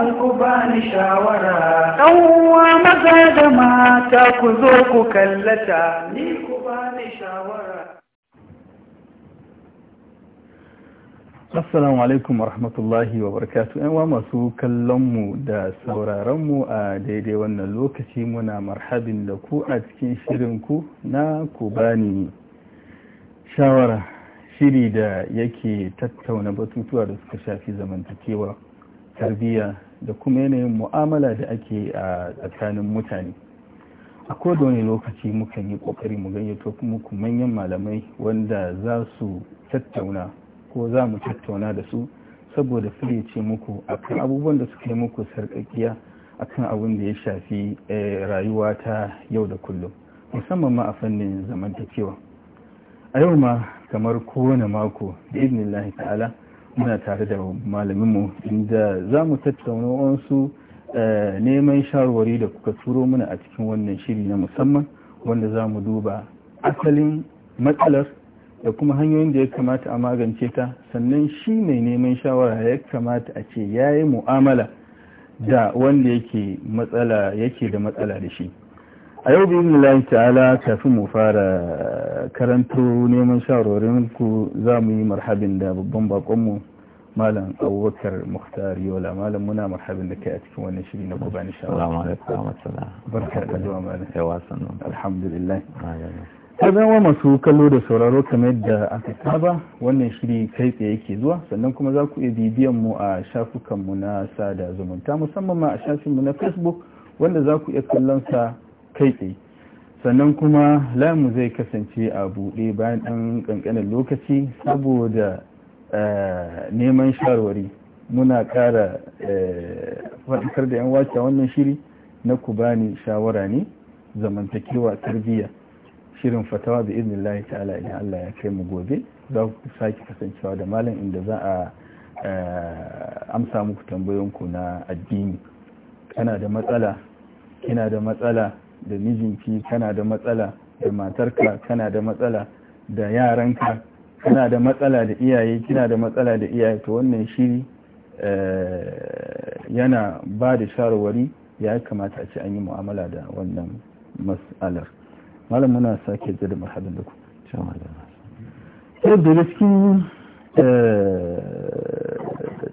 man ku bani shawara dan uwa maza da mata ku zo ku kallata ni ku bani shawara assalamu alaikum warahmatullahi wabarakatuh wa masu kallonmu da sauraronmu a daidai wannan lokaci muna marhabin da ku a cikin shirinku na ku bani shawara shiri da yake tattauna batutuwa da suka shafi zamantakewa tarbiyya da kuma yanayin mu'amala da ake a tsakanin mutane a wani lokaci mukan yi kokari mu gayyato muku manyan malamai wanda za su tattauna ko za mu tattauna da su saboda ce muku akan abubuwan da suka yi muku sarƙaƙiya akan abin da ya shafi eh, rayuwa ta yau da kullum musamman ma a fannin zamantakewa a yau ma kamar kowane mako da idnillahi ta'ala muna tare da malaminmu inda za mu tattauna wansu eh, neman shawarwari da kuka turo mana a cikin wannan shiri na musamman wanda za mu duba asalin matsalar da kuma hanyoyin da ya kamata a magance ta sannan shi mai neman shawara ya kamata a ce ya yi mu'amala da wanda yake matsala yake da matsala da shi a yau biyu layi ta'ala kafin mu fara eh, karanto neman shawarwarin ku za mu yi marhabin da babban bakonmu malam abubakar muhtar yola malam muna marhabin da kai a cikin wannan shiri na gobe ni salamu alaikum da zuwa malam yawa alhamdulillah masu kallo da sauraro kame da aka saba wannan shiri kai tsaye ke zuwa sannan kuma za ku iya bibiyan mu a shafukanmu na sada zumunta musamman ma a shafinmu na facebook wanda za ku iya kallon sa kai tsaye sannan kuma lamu zai kasance a buɗe bayan ɗan ƙanƙanin lokaci saboda Eh, neman shawarwari muna kara eh, faɗakar da 'yan wake wannan shiri na ku bani shawara ne zamantakewa tarbiyya shirin fatawa da izinin lahi ta'ala idan Allah ya kai mu gobe za ku sake kasancewa da malam inda za a eh, amsa muku tambayonku na addini kana da matsala kina da matsala da mijinki kana da matsala da matarka kana da matsala da yaranka kana da matsala da iyaye kina da matsala da iyaye to wannan shiri eh, yana ba da shawarwari ya kamata a ce an yi mu'amala da wannan mas'alar malam muna sake da marhaban da ku yadda da cikin eh,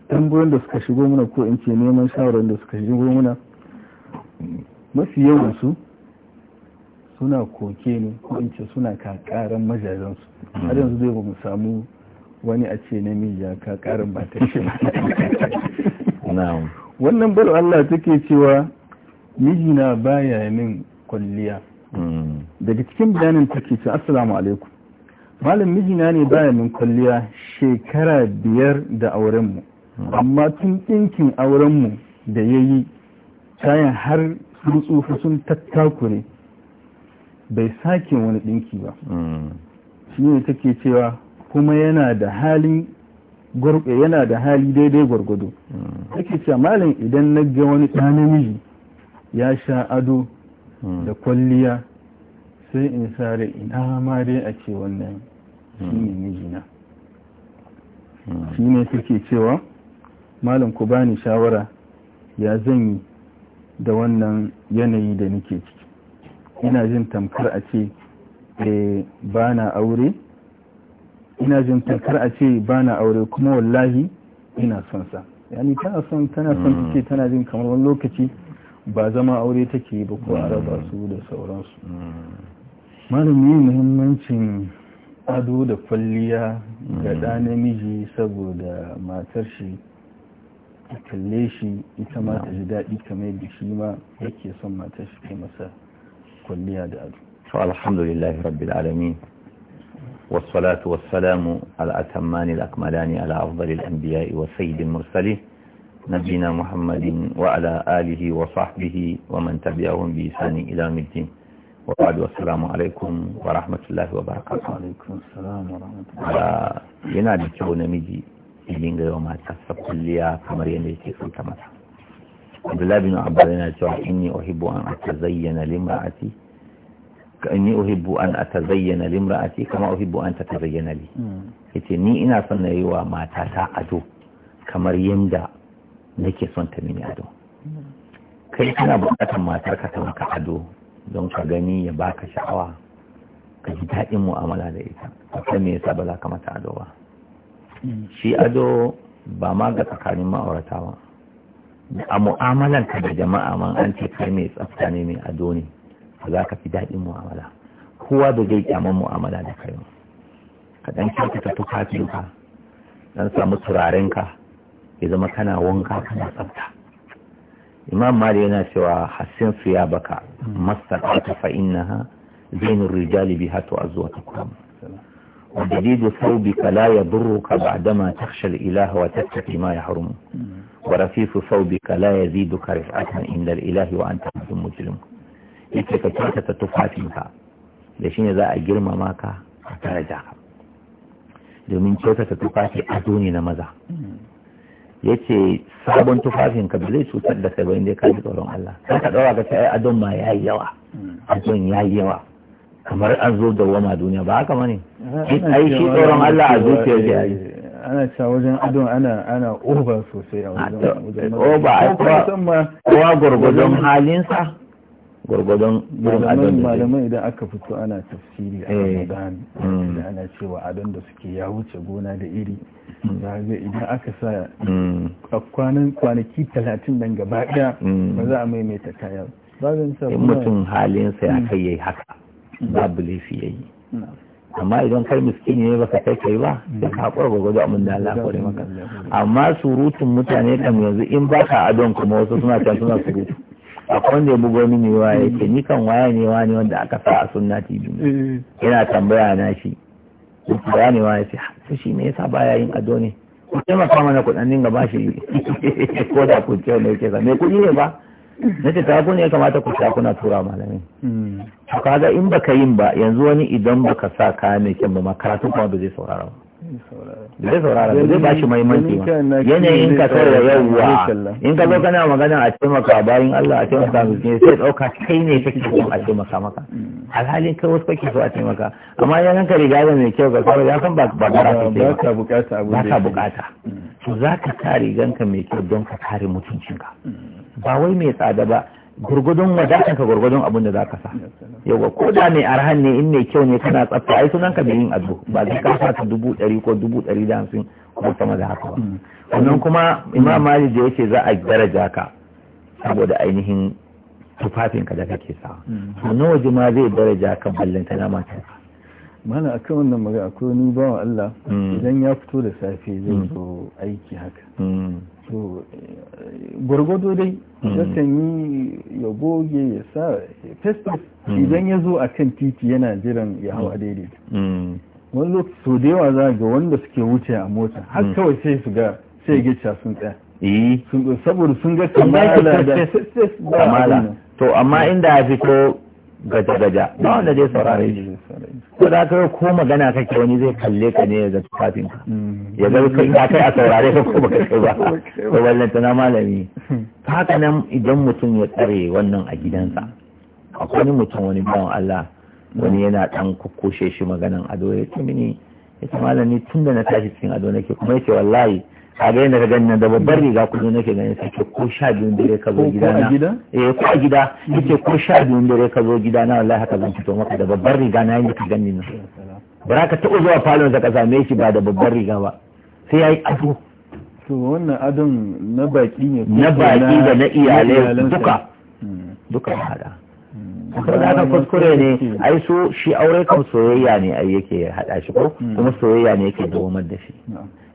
tambayoyin da suka shigo muna ko in ce neman shawarar da suka shigo muna mafi su suna koke ne ko in ce suna kakaran majalansu har yanzu zai ba mu samu wani a ce namiji ka kakaran ba ta shi wannan bar Allah take cewa mijina baya min kwalliya hmm. daga cikin bayanin take ce assalamu alaikum malam mijina ne baya min kwalliya shekara biyar da aurenmu hmm. amma tun ɗinkin aurenmu da ya yi tayan har sun tsufa sun tattakure bai sake wani ɗinki ba mm. shi ne take cewa kuma yana da hali yana da hali daidai gwargwado mm. take cewa malam idan na ga wani ɗa namiji ya sha ado mm. da kwalliya sai in sare ina ma dai a ce wannan shi ne mijina shi ne take cewa malam ku bani shawara ya zan yi da wannan yanayi da nake ci. ina jin tamkar a ce eh, ba na aure ina jin tamkar a ce ba na aure kuma wallahi ina son sa yani tana son tana son hmm. take tana jin kamar wani lokaci ba zama aure take ba ko a su da sauransu hmm. malami muhimmancin ado da kwalliya ga ɗa hmm. namiji saboda matar shi a kalle shi ita ma ta ji daɗi kamar yadda shi ma yake son matar shi ke masa kwalliya da adu. alhamdulillahi rabbil alamin wasu wassalamu al’atamani al’akmadani al’afdalil an biya iwa sayidin mursali na jina muhammadin wa ala alihi wa sahbihi wa man tabiya wa biyu sani ilamitin wa ƙadu wasu alaikum wa wa barakatun alaikun salamu wa rahmatullahi wa barakatun abdullahi bin abbas yana cewa inni uhibbu an atazayyana limra'ati ka an limra'ati kama uhibbu an zayyana li hmm. yace ni ina son na yi wa matata ado kamar yadda nake son ta mini ado hmm. kai kana bukatar matarka ta maka ado don ka gani ya baka sha'awa ka ji daɗin mu'amala da ita akwai me yasa ba za ka mata ado ba hmm. shi ado ba ma ga tsakanin ma'aurata ba a mu'amalanka da jama'a man an ce kai mai tsafta ne mai ado ne ba za ka fi daɗin mu'amala kowa da zai kyaman mu'amala da kai ka ɗan ta tufafinka ɗan samu turarenka ya zama kana wanka kana tsafta imam mali yana cewa Hassan su ya baka masaka ta fa'innaha zainul rijali biha ka ba ثوبك لا tashar Ila wa tattafi ma ya يحرمه ورفيف صوبك لا يزيدك رفعة إلا الإله وأنت مسلم مسلم yace ka kyautata tufafinka da shi ne za a girmama ka a daraja ka domin ta tufafi a ne na maza ya ce sabon tufafinka ba zai cutar da kai ba inda ka ji tsoron Allah za ka ɗaura ka ce ai adon ma ya yi yawa adon ya yi yawa kamar an zo da wama duniya ba haka mani ai shi tsoron Allah a zuciyar da ya yi eh, ana cewa wajen adon ana ana oba sosai a wajen oba ai kowa gurgudun halinsa gurgudun adon da malaman idan aka fito ana tafsiri a ramadan eh. hmm. da ana cewa adon da suke ya wuce gona da iri hmm. ga idan aka sa hmm. a kwanan kwanaki talatin nan gaba daya ba za a maimaita kayan ba mutum halinsa ya kai yayi haka babu laifi yayi amma idan kai miskini ne baka kai kai ba da ka kurba da amin da Allah kore maka amma surutun mutane kam yanzu in baka adon kuma wasu suna can suna surutu akwai wanda ya bugo mini waye ke ni kan waye ne wani wanda aka sa a sunna tv yana mm-hmm. tambaya na shi waya ne waye sai shi me yasa baya yin ado ne ku taimaka mana kuɗin ga bashi ko da ku ce ne yake sa me kuɗi ne ba na ce tafi ne ya kamata ku sha kuna tura malami to kaga in baka yin ba yanzu wani idan baka sa kaya mai kyan ba ma karatu kuma ba zai saurara ba zai saurara ba zai bashi mahimmanci ba yanayin ka da yawwa in ka zo kana magana a taimaka bayan Allah a taimaka mutum sai ɗauka kai ne kake so a taimaka maka mm. alhalin kai wasu kake so a taimaka amma yanan ka riga da mai kyau ga kawai ya san ba ba ka bukata ba ka bukata mm. to za ka kare ganka mai kyau don ka kare mutuncinka mm. ba wai mai tsada ba gurgudun wadatan ka gurgudun abin da zaka sa yawa ko da mai arhan ne in mai kyau ne kana tsafta ai sunan ka yin addu ba zai ka sa dubu ɗari ko dubu ɗari da hamsin ko sama da haka ba mm. sannan kuma mm. imam malik da yake za a daraja ka saboda ainihin tufafin ka da kake sa to mm. nawa ma zai daraja ka ballanta na mata mana akan wannan magana akwai ni bawa Allah idan ya fito da safe zai zo aiki haka to gwargwado dai hmm. ya yi ya goge ya sa festus hmm. idan ya zo a kan titi yana jiran ya hau daidai hmm. daidaita wani lokaci so da yawa za ga wanda suke wuce a mota har kawai sai su ga sai gicca sun tsaya eh. saboda sun ga kamala da kamala to amma inda ya fi ko gaja-gaja ba wanda zai saurare shi ko da kai ko magana kake wani zai kalle ka ne ya zaci kafin ka mm. ya ga kai ya kai a saurare ka ko baka kai ba ko wallan tana malami hmm. haka nan idan mutum ya tsare wannan a gidansa akwai wani mutum wani bawan Allah wani yana dan kukkoshe shi maganan ado ya ce mini ya malami tun da na tashi cikin ado nake kuma ya ce wallahi a ga yadda ganin da babbar riga kullum nake ganin ta ke ko sha biyun dare ka zo gida na eh ko a gida hmm. yake ko sha biyun dare ka zo gida na wallahi haka zan fito maka da babbar riga na yanki ganin na bara ka taɓa zuwa falon sa ka same shi ba da babbar riga ba sai yayi ado to wannan adon na baki ne na baki da na iyalai duka hmm. duka hada hmm. saboda haka kuskure ne ai so shi aure kan soyayya ne ai yake hada shi ko kuma soyayya ne yake dawamar da shi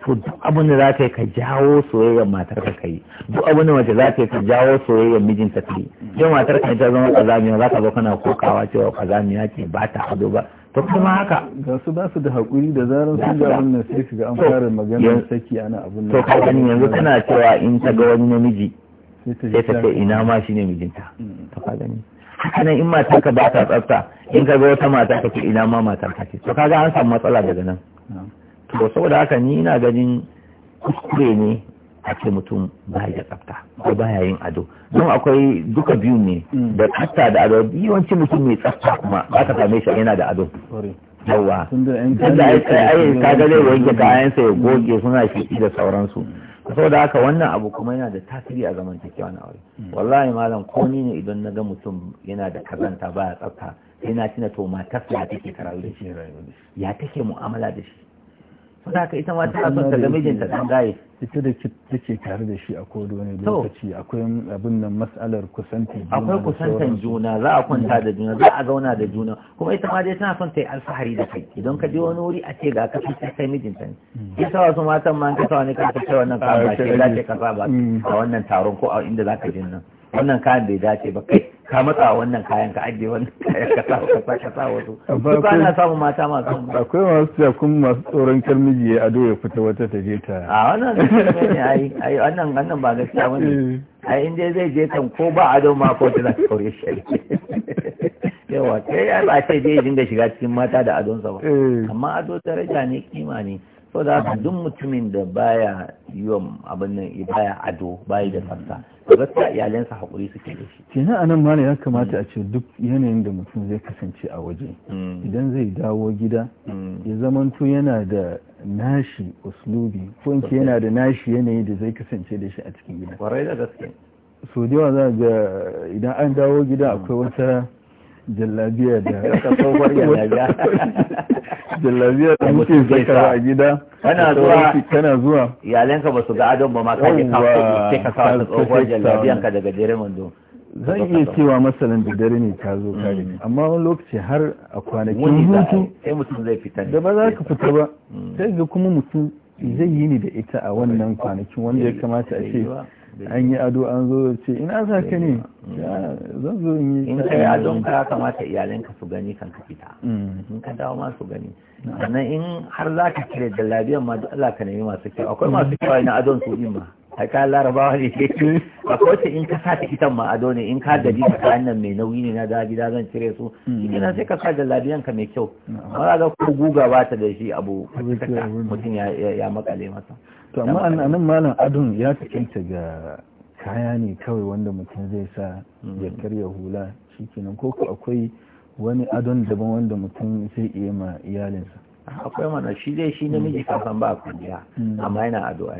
to duk abin da za ka yi ka jawo soyayyar matar ka kai duk abin da mace za ka yi ka jawo soyayyar mijinta ta kai sai matar ka ta zama kazamiya za ka zo kana kokawa cewa kazamiya ce ba ta ado ba to kuma haka ga su ba su da hakuri da zaran sun ga wannan sai su ga an fara maganar saki ana abin to ka gani yanzu kana cewa in ta ga wani namiji sai ta ce ina ma shine mijinta mm. to ka gani hakanan in matar ka ba ta tsafta in ka ga wata mata ka ce ina ma matar ka ce to kaga an samu matsala daga nan to saboda haka ni ina ganin kuskure ne a ce mutum ba ya tsafta ko ba ya yin ado don akwai duka biyu ne mm. da tsafta da ado yawanci mutum mai tsafta kuma ba ka same shi yana da ado yawa yadda ai ka ga zai kayansa ya mm. goge suna shi da sauransu saboda haka wannan abu kuma yana da tasiri a zamantakewa wani aure mm. wallahi malam ko ni ne idan na ga mutum yana da kazanta ba ya tsafta sai na tuna to matarsa ya take karawi da shi ya take mu'amala da shi saka ita ma tana son ta ga mijinta dan ita da take tare da shi a kodo ne lokaci akwai abin nan mas'alar kusantar juna akwai kusantar juna za a kwanta da juna za a zauna da juna kuma ita ma dai tana son ta yi alfahari da kai idan ka je wani wuri a ce ga ka ta kai mijinta ne mm. ita sa wasu matan ma ka sa wani ka kai wannan ah, kayan ba ce za ka ba mm. a wannan taron ko a inda za ka je nan wannan kayan bai dace ba kai ka matsa wannan kayan ka ajiye wannan kayan ka sa ka sa ka sa wasu duk ana samun mata masu akwai masu jakun masu tsoron karmiji ya ado ya fita wata ta je ta a wannan ne ai ai wannan wannan ba gaskiya bane eh. ai in dai zai je kan ko ba ado ma ko ta kore shi yawa kai ya ba sai dai dinga shiga cikin mata da adonsa ba eh. amma ado daraja ne kima ne so da duk mutumin da baya yiwa abin nan baya ado bayi da tsafta gaskiya sa haƙuri suke da shi kenan anan malam ya kamata a ce duk yanayin da mutum zai kasance a waje mm. idan zai dawo gida mm. ya zamanto yana da nashi uslubi ko in yana da nashi yanayi da zai kasance da shi a cikin gida kwarai da gaske so da yawa za ga idan an dawo gida mm. akwai wata jallabiya da jallabiya da muke zaka a gida kana zuwa kana zuwa iyalanka ba su ga adon ba ma kai ka sai ka kawo tsohuwar ka daga jere mando zan iya cewa masalan da dare ne ka zo ka ne mm. amma wani lokaci har a kwanakin hutu sai mutum zai fita da ba za ka fita ba mm. sai ga kuma mutum zai yi ni da ita a wannan kwanakin wanda ya kamata a ce an yi ado an zo ce ina sa ka ne ah, zan zo in yi in ka yi adon ka ya kamata ka su gani kan ka fita mm. in ka dawo ma su gani sannan in har za ka cire da labiyan ma Allah ka nemi masu kyau akwai masu kyau na adon su in ma a ka larabawa ne ke akwai kowace in ka sa ta kitan ma ado ne in ka gaji ka kayan nan mai nauyi ne na da gida zan cire su mm. shi na sai ka sa da labiyan ka mai kyau amma za ka ko guga ba ta da shi abu mutum ya makale masa amma a nan malam adon ya takaita ga kaya ne kawai wanda mutum zai sa ya mm. karya hula shikenan ko ko akwai wani adon daban wanda mutum zai iya ma iyalinsa akwai mana shi zai shi mm. namiji miji san ba kungiya mm. amma yana addu'a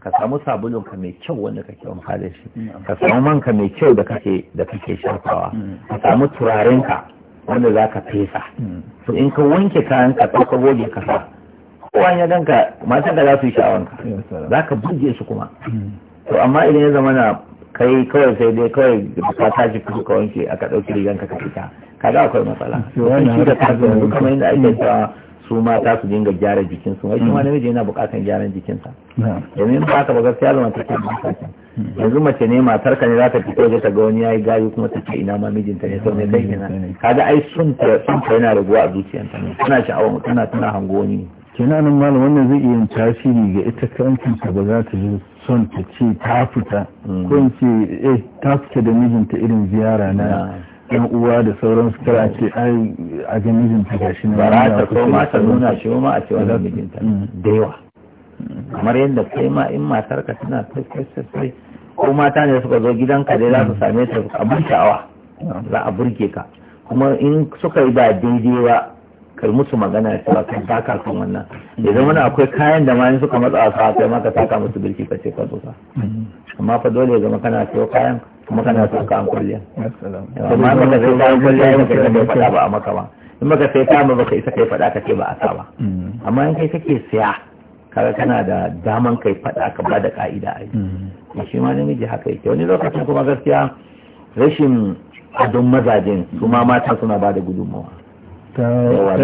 ka samu sabulun ka mai kyau wanda kake wanka da shi ka samu manka mai kyau da kake da kake shafawa ka samu turarenka wanda zaka fesa to in ka wanke kayan ka ka goge ka sa kowa ya ganka matan da za su yi sha'awanka za ka buge su kuma to amma idan ya zama na kai kawai sai dai kawai ka tashi kusa ka wanke aka ɗauki rigan ka fita kaga akwai matsala shi da kansa yanzu kuma inda ake cewa su mata su dinga gyara jikinsu wai shi ma namiji yana buƙatar gyaran jikinsa domin ba ka ba gaskiya zama take buƙata yanzu mace ne matar ka ne za ta fito waje ta ga wani yi gayu kuma ta ce ina ma mijinta ne sau ne kai kenan kaga ai sun ta yana raguwa a zuciyarta ne tana sha'awa tana tana hango ne kenan malam wannan zai iya tasiri ga ita kankanta ba za ta ji son ta ce ta fita mm. ko in ce eh ta fita da mijinta irin ziyara na yan uwa da sauran su kira ce ai a ga mijinta ga shi na ba ta ko ma ta nuna shi ma a ce wannan mm. mijinta da yawa kamar yadda kai ma in matar ka tana sosai. ko mata ne suka zo gidanka dai za su same ta abin sha'awa mm. za a burge ka kuma in suka yi ba daidai ba kar musu magana ya cewa kan taka kan wannan idan wani akwai kayan da ma suka matsa a sa kai maka taka musu birki ka ce ka zo ka mm-hmm. amma fa dole ya zama kana siyo kayan kuma kana so kayan kwalliya amma maka sai kayan kwalliya ya maka bai faɗa ba a maka ba in maka sai kayan ba baka isa kai faɗa ka ce ba a sa ba mm-hmm. amma in kai kake siya kaga kana da daman kai faɗa ka ba da ka'ida a yi mm-hmm. shi ma namiji haka yake wani lokacin kuma gaskiya rashin adon mazajen su ma mata suna ba da gudunmawa yawa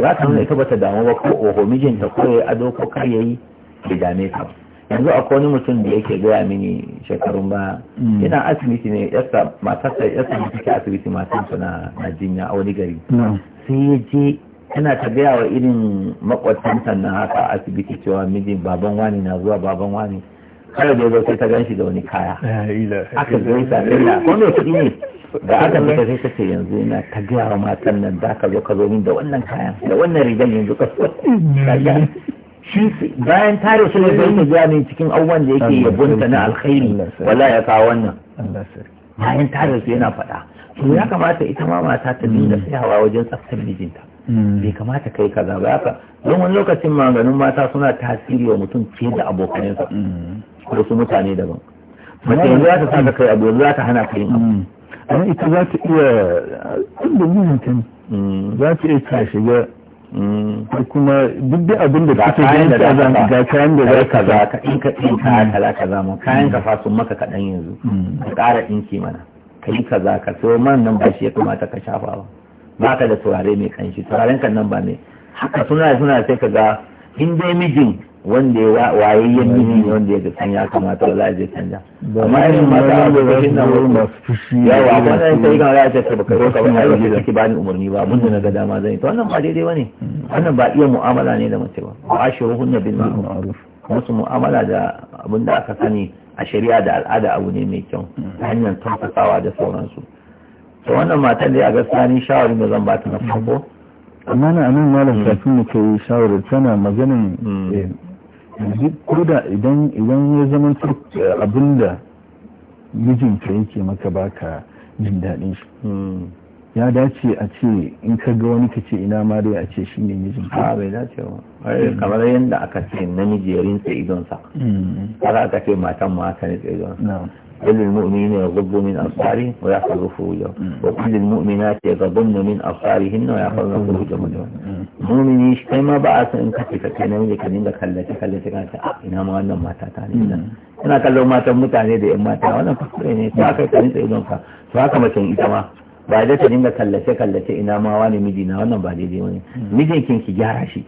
za ta nuna ita bata damu ba ko oho ko ya ado ko kar ya dame ta yanzu akwai wani mutum da yake gaya mini shekarun ba ina mm. asibiti ne yasa matasa yasa ne asibiti matarsa na na jinya a wani gari mm. sai ya je yana ta gaya wa irin makwatan na haka asibiti cewa mijin baban wani na zuwa baban wani kada da ya zo sai ta gan shi da wani kaya aka zai sa mai ne da aka fita sai kace yanzu ina ta gaya wa matan nan da ka zo ka zo min da wannan kayan da wannan rigar yanzu ka so shi bayan tare su ne zai ta gaya min cikin abubuwan da yake yabonta na alkhairi wala ya kawo wannan bayan tare su yana faɗa to ya kamata ita ma mata ta mm. dinga tsayawa wajen tsaftar mijinta mm. bai kamata kai kaza ba haka don wani lokacin maganin mata suna tasiri wa mutum fiye da abokanansa mm. Wasu mutane daban mace yanzu za ta sa kai abu yanzu za ta hana ka yin abu amma ita za ta iya da mijinta ne za ta iya ta shiga kuma duk da abin da kake ganin ta za ga kayan da za ka za ka in ka in mm. kayan ka za ka zama kayan ka fa sun maka kaɗan yanzu mm. ka ƙara ɗinki mana ka yi ka za ka so man nan ba shi ya kamata ka shafa ba ba ka da turare mai kanshi turaren kan nan ba ne haka suna suna sai ka ga in dai mijin wanda ya wayayyen miji ne wanda ya ga san ya kamata wala zai canja amma yin mata a lokacin nan wurin masu fushi ya wa amma sai yi gama ya ce ka baka roka ba ai da kike bani umarni ba mun na ga dama zai yi to wannan ba daidai ne wannan ba iya mu'amala ne da mace ba wa ashiruhunna bil ma'ruf musu mu'amala da abin da aka sani a shari'a da al'ada abu ne mai kyau ta hanyar tafkawa da sauransu to wannan matan dai a gaskiya ni shawarin da zan ba ta na farko amma na anan malam mm. kafin mu kai shawarar tana maganin mm. eh, duk koda idan idan ya zama eh, abin abinda mijinka yake maka baka jin daɗin shi hmm. ya dace a ce in ka ga wani ka ina ma dai a ce shi ne mijin ka ah, bai dace ba kamar yadda aka ce namiji ya rinsa idonsa mm-hmm. haka aka ce matan ma ta rinsa idonsa قل للمؤمنين يغضوا من أبصارهم ويحفظوا فروجهم وقل للمؤمنات يغضن من أبصارهن ويحفظن فروجهن مؤمني شي ما بعث إن كفت كان يجي كان عندك خلتي خلتي ka إنا ما عندنا ما تاتاني ina kallon matan mutane da 'yan mata wannan kuskure ne to aka yi kanin tsaye to haka mace ita ma ba da ta dinga kallace kallace ina ma wani miji na wannan ba daidai wani mijin kin ki gyara shi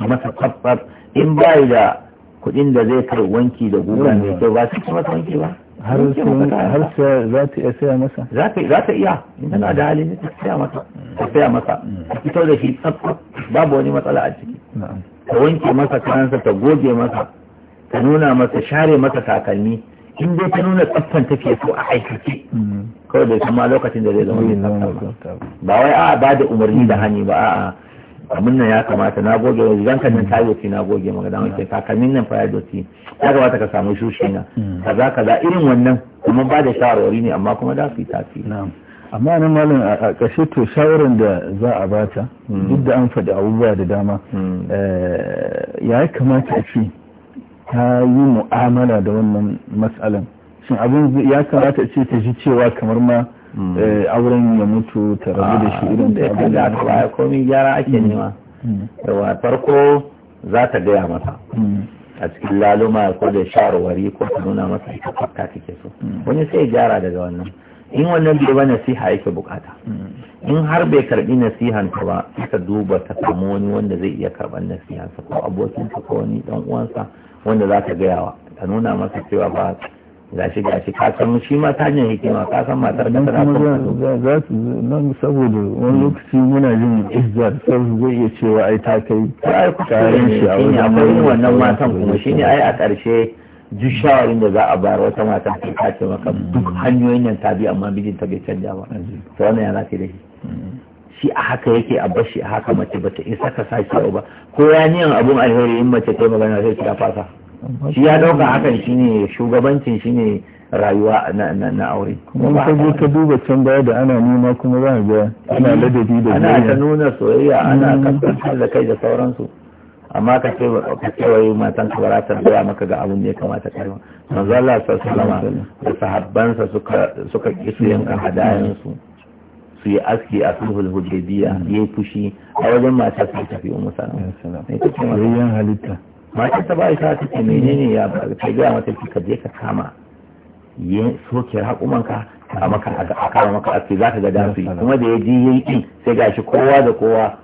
masa kwabbab in yi da kuɗin da zai kai wanki da guga mai kyau ba su ci masa wanki ba har sai za ta iya saya masa za ta iya in tana da hali ta saya masa ta saya masa ta fito da shi tsaf babu wani matsala a ciki ta wanke masa kansa ta goge masa ta nuna masa share masa takalmi in dai ta nuna tsaftan take so a aikace kawai da kuma lokacin da zai zama mai tsafta ba wai a ba da umarni da hani ba a'a abin nan ya kamata na goge wa zan kan nan ta yi na goge maka dan wace kakannin nan fa ya doki ya kamata ka samu shushi na mm. kaza kaza irin wannan kuma ba da shawarwari ne amma kuma da su yi amma nan malam a ƙashe to shawarar da za a bata mm. duk da an faɗi abubuwa da dama mm. eh, ya kamata a ce ta yi mu'amala da wannan matsalan shin abin ya kamata ce ta ji cewa kamar ma hmm. eh, auren ya mutu ta rabu da shi ah, irin da abin da aka baya komai gyara ake hmm. nema hmm. yawa farko za ta gaya masa a cikin laluma ko da sharwari ko ta nuna masa ita fakka take so wani sai ya gyara daga wannan in wannan bai ba nasiha yake bukata in har bai karbi nasihan ta ba ka duba ta samu wani wanda zai iya karban sa, ko abokinsa ko wani dan uwansa wanda za ka gayawa ka nuna masa cewa ba gashi gashi ka san shi ma ta hanyar hikima ka san matar da ta kuma za su nan saboda wani lokaci muna jin izzar sai zai iya cewa ai ta kai kayan shi a akwai wannan matan kuma ai a ƙarshe duk shawarin da za a bayar wata mata ta kace maka duk hanyoyin nan ta bi amma ta bai canja ba mm. to wannan yana ke da shi mm. shi a haka yake a bashi a haka mace bata isa ka sa shi ba ko ya niyan abun alheri in mace kai magana sai ta fasa shi ya dauka hakan shine shugabancin shine rayuwa na aure kuma ka je ka duba can baya da ana nema kuma za ga ana eh, ladabi da ana ta nuna soyayya ana mm. kasance da kai da sauransu amma ka ce ka ce wai matan ka bara tambaya maka ga abun da ya kamata yi manzo Allah sallallahu alaihi wasallam da sahabbansa suka suka kisu yankan hadayansu su yi aski a sulhul hudaybiya yayi fushi a wajen mata su tafi ummu salama ne take halitta mata ta bai ta take menene ya ba ta ga mata ki ka je ka kama ya soke hakumanka a maka a kama maka aski zaka ga dafi kuma da ya ji yayi sai gashi kowa da kowa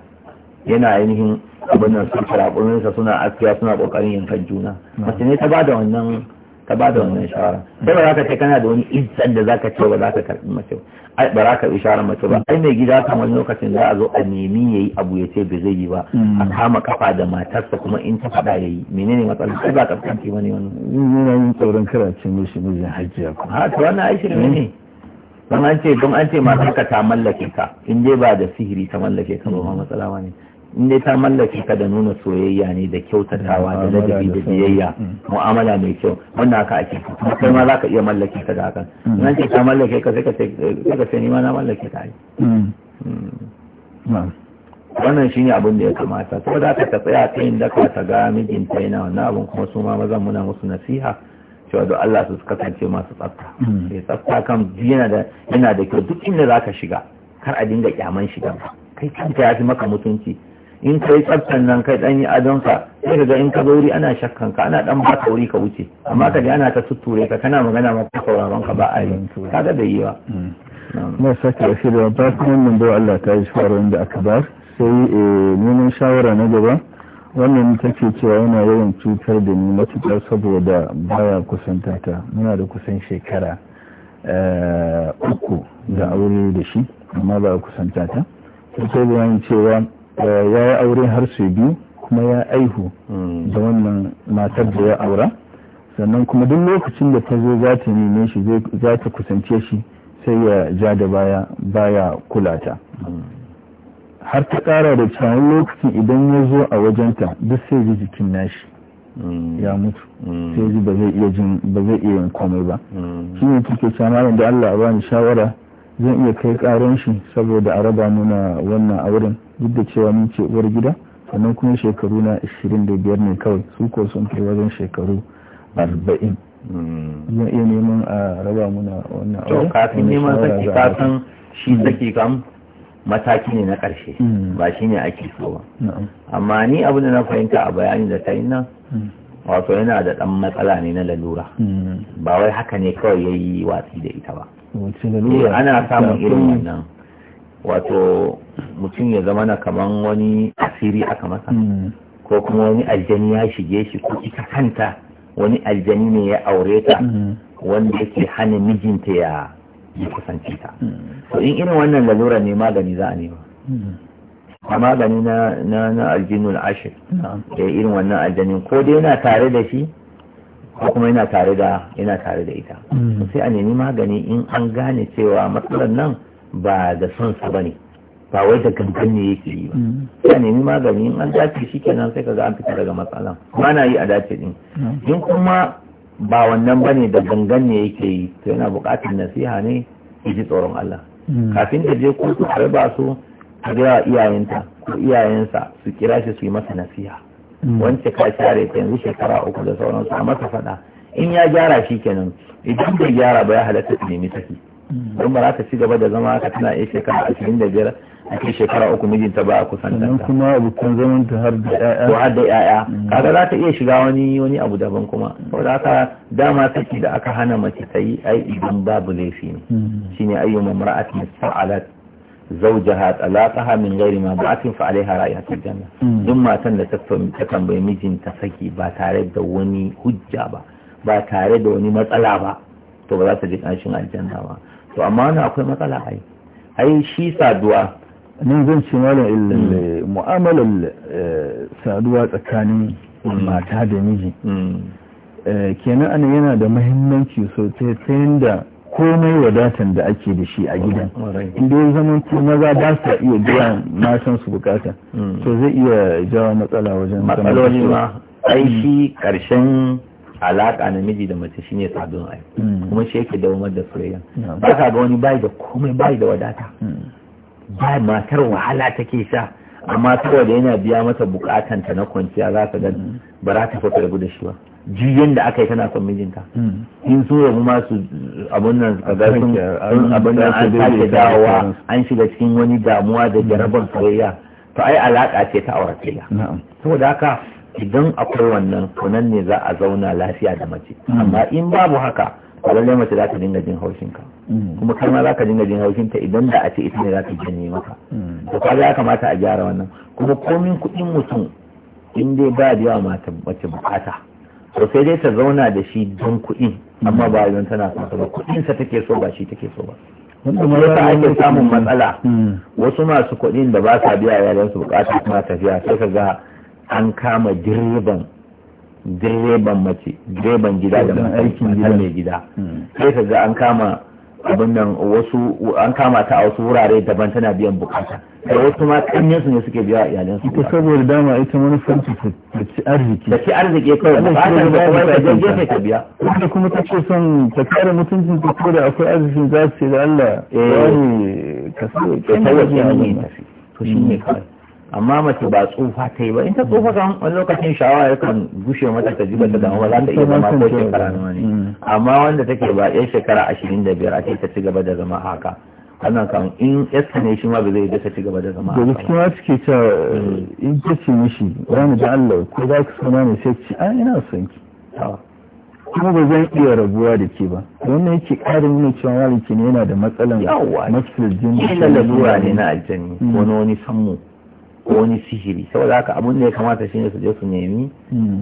yana ainihin abin nan sun karaɓuninsa suna askiya suna ƙoƙarin yankan juna mace ne ta ba da wannan ka ba da wannan shawara sai ba za ka ce kana da wani izzan da za ka ce ba za ka karɓi mace ba za ka shawara mace ba ai mai gida kamar lokacin za a zo a nemi ya yi abu ya ce bai zai yi ba hmm. a kama kafa da matarsa kuma in ta faɗa ya yi menene matsalar sai ba ƙarfanci ba ne wannan ina yin tsoron karacin mishi mijin hajjiya ko ha to wannan aiki ne ne don an ce don an ce ma ka ta mallake ka in dai ba da sihiri ta mallake ka ba matsala ba ne in dai ta mallake ka da nuna soyayya ne da kyautatawa da ladabi da biyayya mm. mu'amala mai kyau wanda haka ake kai ma za ka iya mallake ka da hakan mm. nan ce ta mallake ka sai ka sai ni ma na mallake ka mm. ai wannan shine abin da ya kamata to za ka tsaya ta yin daka ta ga mijinta yana wannan abin kuma su ma mazan muna musu nasiha cewa da Allah su kasance masu tsafta sai tsafta kan yana da yana da kyau duk inda za ka shiga kar a dinga kyaman shiga kai kanka ya fi maka mutunci in kai tsaftan nan kai dan yi ka sai ka ga in ka zo wuri ana shakkan ka ana dan baka wuri ka wuce amma kaje ana ta tutture ka kana magana ma ka sauraron ka ba a yi ga da yiwa mm. na sake a shirya ba nan mun da Allah ta yi shawarar da aka bar sai eh, neman shawara na gaba wannan ta ce cewa yana yawan cutar da ni matuƙar saboda baya kusanta ta muna da kusan shekara eh, uku da aure da shi amma ba kusanta ta sai yin cewa Eh, ya yi aure har sai biyu kuma ya aihu da wannan matar da ya aura sannan kuma duk lokacin da ta zo za ta neme shi za ta kusance shi sai ya ja da baya baya kulata har ta kara da cewa lokacin idan ya zo a wajenta duk sai ji jikin nashi ya mutu sai ji ba zai iya jin ba zai iya yin komai ba shi ne kike cewa da Allah a bani shawara zan iya kai karon shi saboda a raba muna wannan auren duk da cewa mun ce uwar gida sannan kuma shekaru na 25 ne kawai su ko sun kai wajen shekaru 40 hmm. zan iya neman a raba muna wannan aure to kafin neman saki kafin shi hmm. saki kam mataki ne na karshe hmm. ba shi ne ake so ba amma ni abu da na fahimta a bayani da kai nan wato yana da dan matsala ne na lalura ba wai haka ne kawai yayi watsi da ita ba eh, ana samun irin wannan wato mutum ya zama na kaman wani asiri aka masa hmm. ko kuma wani aljani ya shige shi ko ita kanta wani aljani ne ya aure ta hmm. wanda yake hana mijinta ya kusanci ta hmm. to in irin wannan lalura ne magani za a nema a magani na na na ashir da eh, irin wannan aljanin ko dai yana tare da shi ko kuma yana tare da yana tare da ita sai a nemi magani in an gane cewa matsalar nan ba da son sa bane ba wai da gangan ne yake yi ba mm. ya nemi magani an dace shi kenan sai kaga an fita daga matsalan ba na yi a dace din mm. in kuma ba wannan ba ne da gangan ne yake yi to yana buƙatar nasiha ne ya ji tsoron Allah mm. kafin ta je kotu su ba su a gaya iyayenta ko iyayensa su kira shi su yi masa nasiha wance ka share ta yanzu shekara uku da sauransu a masa faɗa in ya gyara shi kenan idan bai gyara ba ya halatta ta nemi saki don ba za ta ci gaba da zama ka tana iya shekara ashirin da biyar shekara uku mijinta ba a kusan sannan kuma abokan zaman ta har da 'ya'ya. ko har da ƴaƴa mm. kaga za ta iya shiga wani wani abu daban kuma mm. saboda haka dama saki da aka hana mace ta yi ai idan babu laifi ne mm. shine ayyuma mar'atin sa'alat zaujaha talaqaha min ghairi ma ba'atin fa alaiha ra'iyatul janna duk matan da ta tambayi mijinta saki ba tare da wani hujja ba ba tare da wani matsala ba to ba za ta ji kanshin aljanna ba to amma wani akwai matsala ai ai shi saduwa ni zan ce mara hmm. eh, mu'amalar eh, saduwa tsakanin hmm. mata da miji hmm. eh, kenan ana yana da mahimmanci sosai ta yadda komai wadatan da ake da shi a gidan inda ya zama maza ba su iya biya matan su bukata to zai iya jawo matsala wajen matsaloli ma ai shi karshen alaka na miji da mace shine sabon ai kuma shi yake dawamar da soyayya ba ka ga wani bai da komai bai da wadata ba matar wahala take sha amma saboda yana biya mata bukatanta na kwanciya za ka gani mm. ba za ta fita rabu da shi ba jiyan da aka yi tana son mijinta mm. in sun rabu ma su abun nan an sake dawowa an shiga cikin wani damuwa da jaraban soyayya to ai alaka ce ta auratayya saboda haka idan akwai wannan to nan ne za a zauna lafiya da mace mm. amma in babu haka ba mace za ta dinga jin haushin ka mm. kuma kai ma za ka dinga jin haushin ta idan da a ce ita ne za ta janye maka mm. to ka ya kamata a gyara wannan kuma komin kuɗin mutum in dai ba da yawa mata mace bukata to sai dai ta zauna da shi don kuɗin amma ba don tana son ta ba kuɗin sa take so ba shi take so ba kuma yasa ake samun matsala mm. wasu masu kuɗin da ba sa biya yaran su bukata kuma tafiya sai ka ga an kama direban. direban mace direban gida da aikin gida mai gida hmm. sai ka ga an kama abin nan wasu an kama ta a wasu wurare daban tana biyan bukata da wasu ma kanyen su ne suke biya iyalan su ita saboda dama ita wani fanci da ci arziki da ci arziki kawai ba ta da kuma da jeje sai ta biya wanda kuma ta ce son ta kare mutuncin ta ko da akwai arzikin za su ce da Allah eh ka so ka tawaye ne to shi ne hmm. kawai amma mace ba tsufa ta yi ba in ta tsufa kan wani lokacin shawara ya kan gushe mata ta ji bata damu ba za ta iya zama ko shekara nawa ne mm. amma wanda take ba yan shekara ashirin da biyar a ce ta ci gaba da zama haka ana kan in yasta ne shi ma ba zai ta ci gaba da zama haka gaskiya kuma suke ta in ta ce mishi rana da Allah ko za ka sona ne sai ci a ah, ina son ki kuma ba zan iya rabuwa da ke ba wannan yake ƙarin nuna cewa maliki ne yana da matsalan nafsul jinni ne na aljanni wani mm. wani sammu ko wani sihiri saboda haka abun da ya kamata shine su je su nemi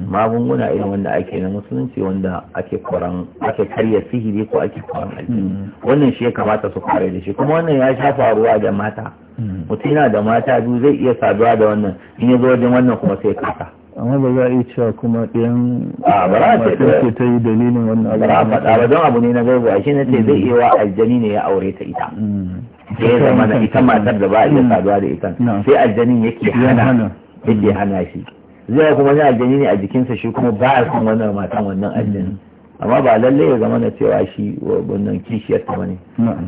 magunguna irin wanda ake na musulunci wanda ake koran ake karya sihiri ko ake koran aljini mm. wannan shi ya kamata su fara da shi kuma wannan ya sha faruwa da mata mm. mutum yana da mata biyu zai iya saduwa da wannan in ya zo wajen wannan kuma sai kasa amma ba za a yi cewa kuma ɗayan matarsa ta yi dalilin wannan abu ba faɗa ba don abu ne na gaibu shi na ce zai mm. iya wa aljani ne ya aure ta ita sai zama na ita matar da ba a iya mm. saduwa da ita sai aljanin yake hana yake hana shi zai kuma na aljani ne a jikinsa shi kuma ba a san wannan matan wannan aljanin mm. amma ba lallai ya zama na cewa shi wannan kishiyar ta bane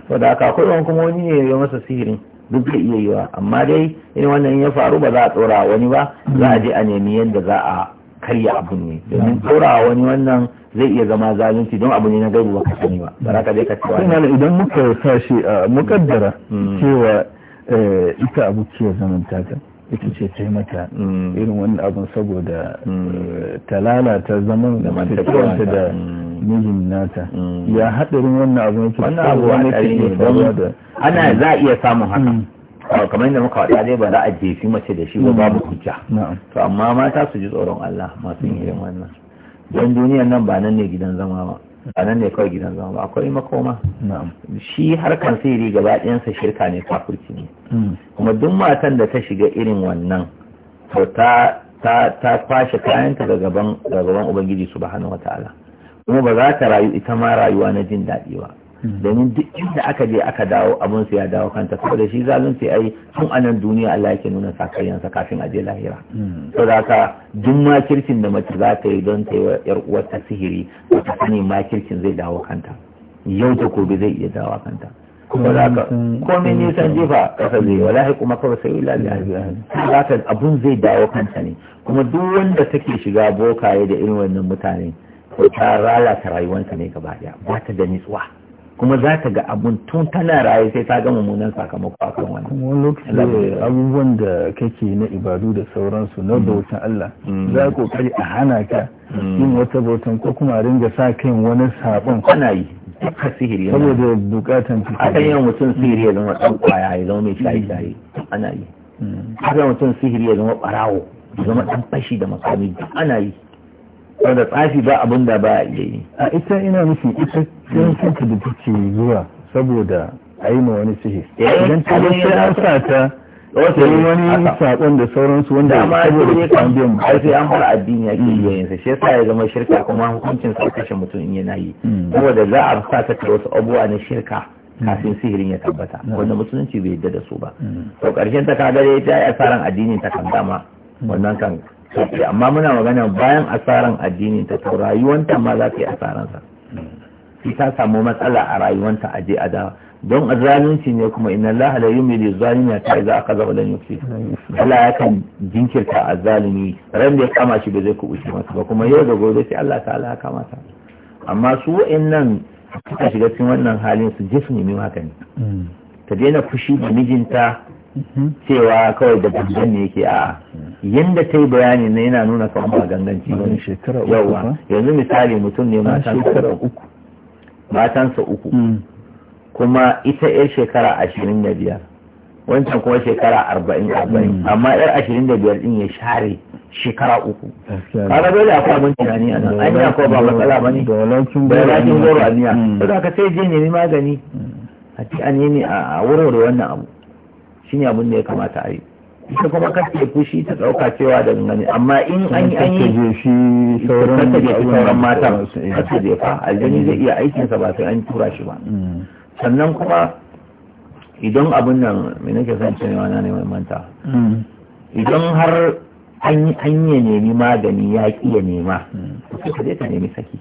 so da haka akwai wani kuma wani ne ya masa sihirin duk zai iya yiwa amma dai in wannan ya faru ba za a tsora wani ba za a je a nemi yadda za a karya abu ne mm. domin tsora wani wannan zai iya zama zalunci don abu ne na gaibu baka sani ba ba za ka ka cewa idan muka tashi a mukaddara hmm. cewa eh, ita abu ce zamanta ta ita ce ce mata hmm. irin wani abun saboda hmm. eh, ta lalata zaman da matakiyarta da mijin nata ya haɗarin wannan abu yake wannan abu wani ne don ana za a iya samun haka kamar yadda muka wada, dai ba za a jefi mace da shi ba babu hujja to amma mata su ji tsoron Allah masu yin wannan don duniyan nan ba nan ne gidan zama ba ba nan ne kawai gidan zama ba akwai makoma shi harkar sirri gaba ɗayansa shirka ne kafurci ne mm. kuma duk matan da ta shiga irin wannan to ta kwashe kayanta ga gaban ga gaban ubangiji subhanahu wataala kuma ba za ta rayu ita ma rayuwa na jin daɗi ba domin duk inda aka je aka dawo abun su ya dawo kanta saboda shi zalunci ai tun a nan duniya Allah yake nuna sakayyansa kafin a je lahira hmm. saboda haka duk makircin da mace za ta yi don ta yi wa yar ta sihiri ba ta sani makircin zai dawo kanta yau ta gobe zai iya dawo kanta kuma za ka komai nisan jefa kasa zai wala kuma kawai sai wula da ka abun zai dawo kanta ne kuma duk wanda take shiga bokaye da irin wannan mutane ko ta lalata rayuwarsa ne gaba daya ba ta da nitsuwa kuma za ta ga abun tun tana raye sai ta gama munan sakamako a kan Kuma wani lokaci abubuwan da kake na ibadu da sauransu na mm. bautan Allah mm. za kai a hana ka mm. yin wata bautan ko kuma ringa sa kai wani sabon kana yi ka sihiri saboda bukatan ciki akan yi mutum sihiri ya zama dan kwaya ya zama mai shayi shayi ana yi yi mutum sihiri ya zama barawo ya zama dan fashi da makami ana yi wanda tsafi ba abin da ba a iya yi a ita ina nufi ita yawancin ta da take zuwa saboda a yi ma wani sihir eh, idan ta sai an sa ta yi wani sakon da sauransu wanda ya kama da kan biyan sai an fara addini yake mm. yin sa shi yasa ya zama shirka kuma hukuncin sa kashe mutum in yana yi mm. saboda za a sa ta wasu abubuwa na shirka mm. kafin sihirin ya tabbata wanda musulunci bai yadda da su ba to karshen ta kaga dai ta yi asaran addinin ta kan dama wannan kan sauki amma muna magana bayan asaran addini ta to rayuwanta ma za ta yi asaransa shi ta samu matsala a rayuwanta a je a dawa don zalunci ne kuma inna Allah la yumli zalima ta za akaza wa lan yufsi Allah yakan jinkirta azalimi ran da ya kama shi ba zai kubuce masa ba kuma yau da gobe sai Allah ta'ala ya kama ta amma su wa'annan suka shiga cikin wannan halin su je su nemi haka ne mm. ta daina fushi da mijinta cewa kawai da gangan ne yake a yanda ta yi bayani na yana nuna samun ba ganganci wani shekara uku yanzu misali mutum ne matansa uku matansa uku hmm. kuma ita yar shekara ashirin da biyar wancan kuma shekara arba'in arba'in hmm. amma yar ashirin da biyar din ya share shekara uku kaga dole akwai mun tunani a nan an yi akwai ba matsala ba ne da walakin goro a niya hmm. saboda ka sai je nemi magani a ci an yi ne a wurare wannan abu ne abin da ya kamata a yi ita kuma kake fushi ta dauka cewa da gani amma in an yi an yi shi sauran sauran mata zai fa. aljani zai iya aikin sa ba sai an tura shi ba mm. sannan kuma idan abin nan me nake son cewa na ne mai manta mm. idan har an yi an nemi magani ya ki ya nema mm. sai ka je ka nemi saki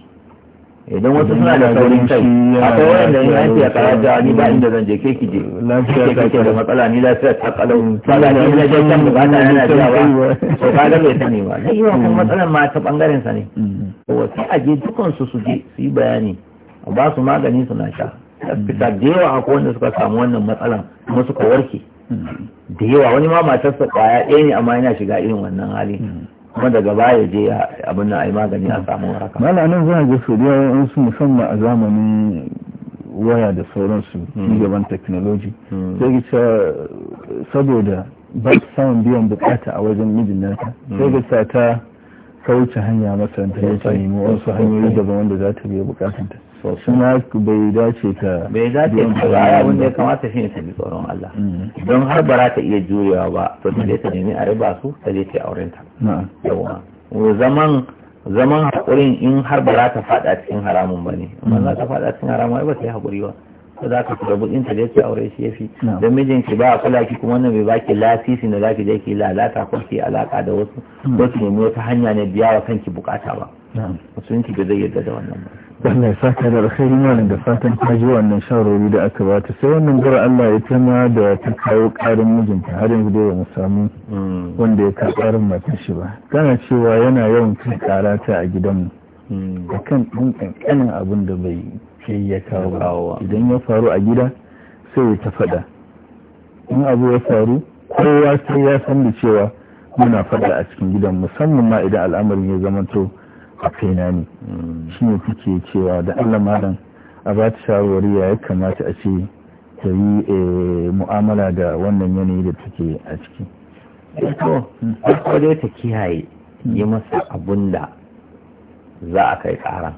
idan wasu suna da saurin kai akwai wanda in an fiya kara ta ni ba inda zan je ke ki je ke kake da matsala ni lafiya ta kalau sala ni na je kan bukata yana da yawa to kaga bai sani ba sai yawan kuma hmm. matsalan ma ta bangaren sa ne wasu hmm. a je dukan su su je su yi bayani a ba su magani suna sha hmm. bisa da yawa akwai wanda suka samu wannan matsalan kuma suka warke da yawa wani ma matarsa kwaya ɗaya ne amma yana shiga irin wannan hali kuma daga baya je abin nan a yi magani a samu waraka malamin za a ga su da su musamman a zamanin waya da sauransu hmm. gaban technology hmm. sai ga saboda ba samun biyan bukata a wajen mijin nata hmm. sai ga ta kauce hanya masa ta nemi wasu hanyoyi daban wanda za ta biya bukatanta suna bai dace ka bai dace ka ba wanda ya kamata shi ne ta bi tsoron Allah mm. don har ba za ta iya jurewa ba to ta je ta nemi a riba su ta je ta auren ta yawa zaman zaman haƙurin in har ba za ta faɗa cikin haramun ba ne amma mm. za ta faɗa cikin haramun ba ta yi haƙuri ba ko za ka kula bukin ta je ta aure shi fi don mijin ki ba a kula ki kuma wannan bai baki lasisi da zaki je ki lalata ko ki alaka da wasu mm. ko ki nemi wata hanya ne biya wa kanki bukata ba musulunci ba zai yarda da wannan ba Allah ya saka da alkhairi malam da fatan ta ji wannan shawarwari da aka ba ta sai wannan gura Allah ya tana da ta kawo karin mijinta har yanzu dai mu samu wanda ya ka karin shi ba tana cewa yana yawan kai kara ta a gidanmu da hmm. kan ɗan ƙanƙanin abin da bai ce ya kawo idan ya faru a gida sai ya ta faɗa in abu ya faru kowa sai ya san da cewa muna faɗa a cikin gidan musamman ma idan al'amarin ya zamanto a kaina ne shi ne kuke cewa da allah malam a ba ta shawarwari ya kamata a ce ta yi eh, mu'amala da wannan yanayi da take a ciki to dai yi masa abun da za a kai kara